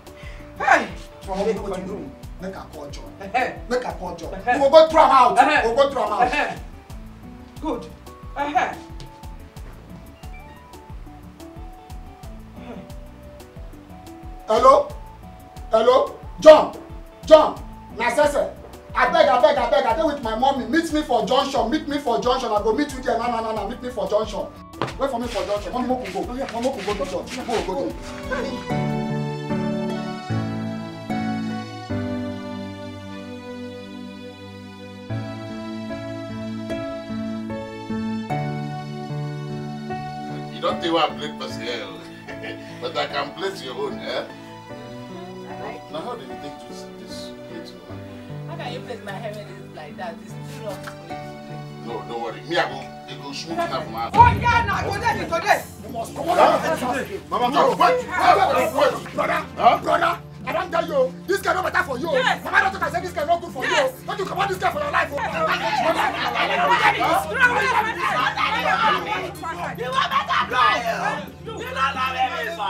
Hey! So how we go do? make a call John. make a call John. We will go throw him out. you go go throw am out. good. hello hello John John na I beg, I beg, i beg. I dey with my mommy. meet me for junction meet me for junction i go meet you there na na na na meet me for junction wait for me for junction Mommy, make we go oh, mummy make we go to church make we go there. Don't think I play Pascal, but I can place your own, eh? Like now, how do you think this, this little one? How can you place my heaven is like that? This truck No, don't worry. Me, I go, it go smooth enough, man. Oh, yeah, now, go there, go there. must come Mama, no, wait, wait, wait. Brother, huh? brother. I don't tell you, this guy no matter for you. Yes. Mama don't talk say this guy no good for yes. you. Don't you come on this guy for your life. Yes. Brother, brother, brother, brother, brother, brother, brother, brother,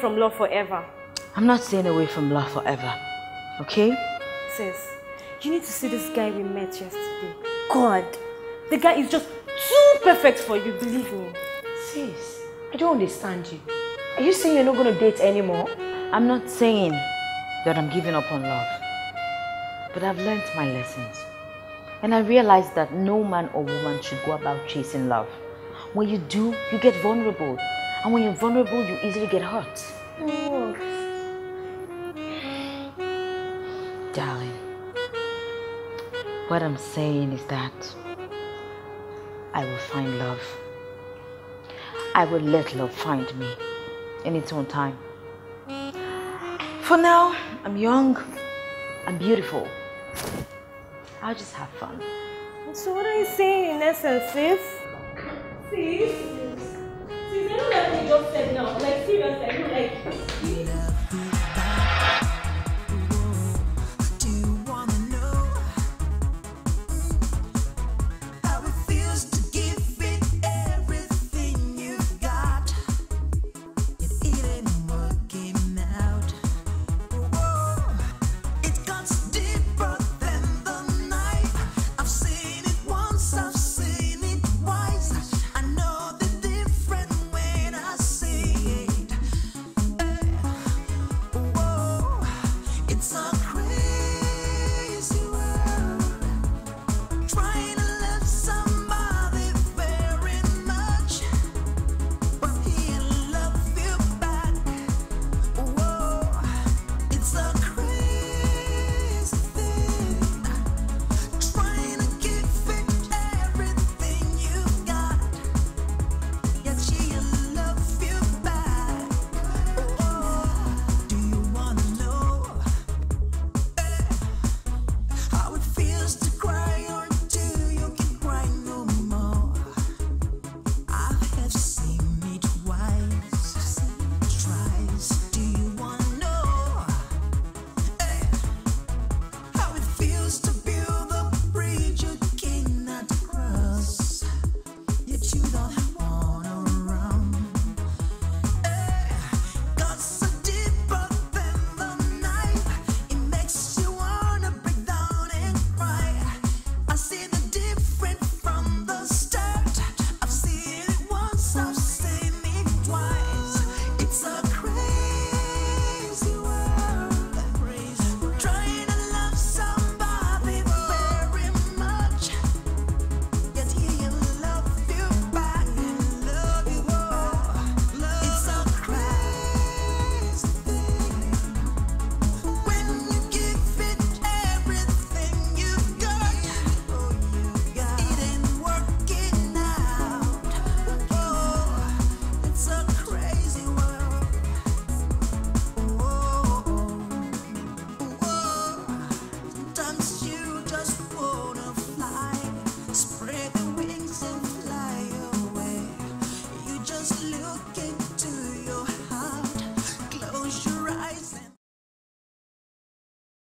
from love forever. I'm not staying away from love forever, okay? Sis, you need to see this guy we met yesterday. God, the guy is just too perfect for you, believe me. Sis, I don't understand you. Are you saying you're not going to date anymore? I'm not saying that I'm giving up on love. But I've learned my lessons. And I realized that no man or woman should go about chasing love. When you do, you get vulnerable. And when you're vulnerable, you easily get hurt. Oh. Darling, what I'm saying is that I will find love. I will let love find me in its own time. For now, I'm young, I'm beautiful. I'll just have fun. So what are you saying in essence, sis? Sis? know that no. Like seriously, like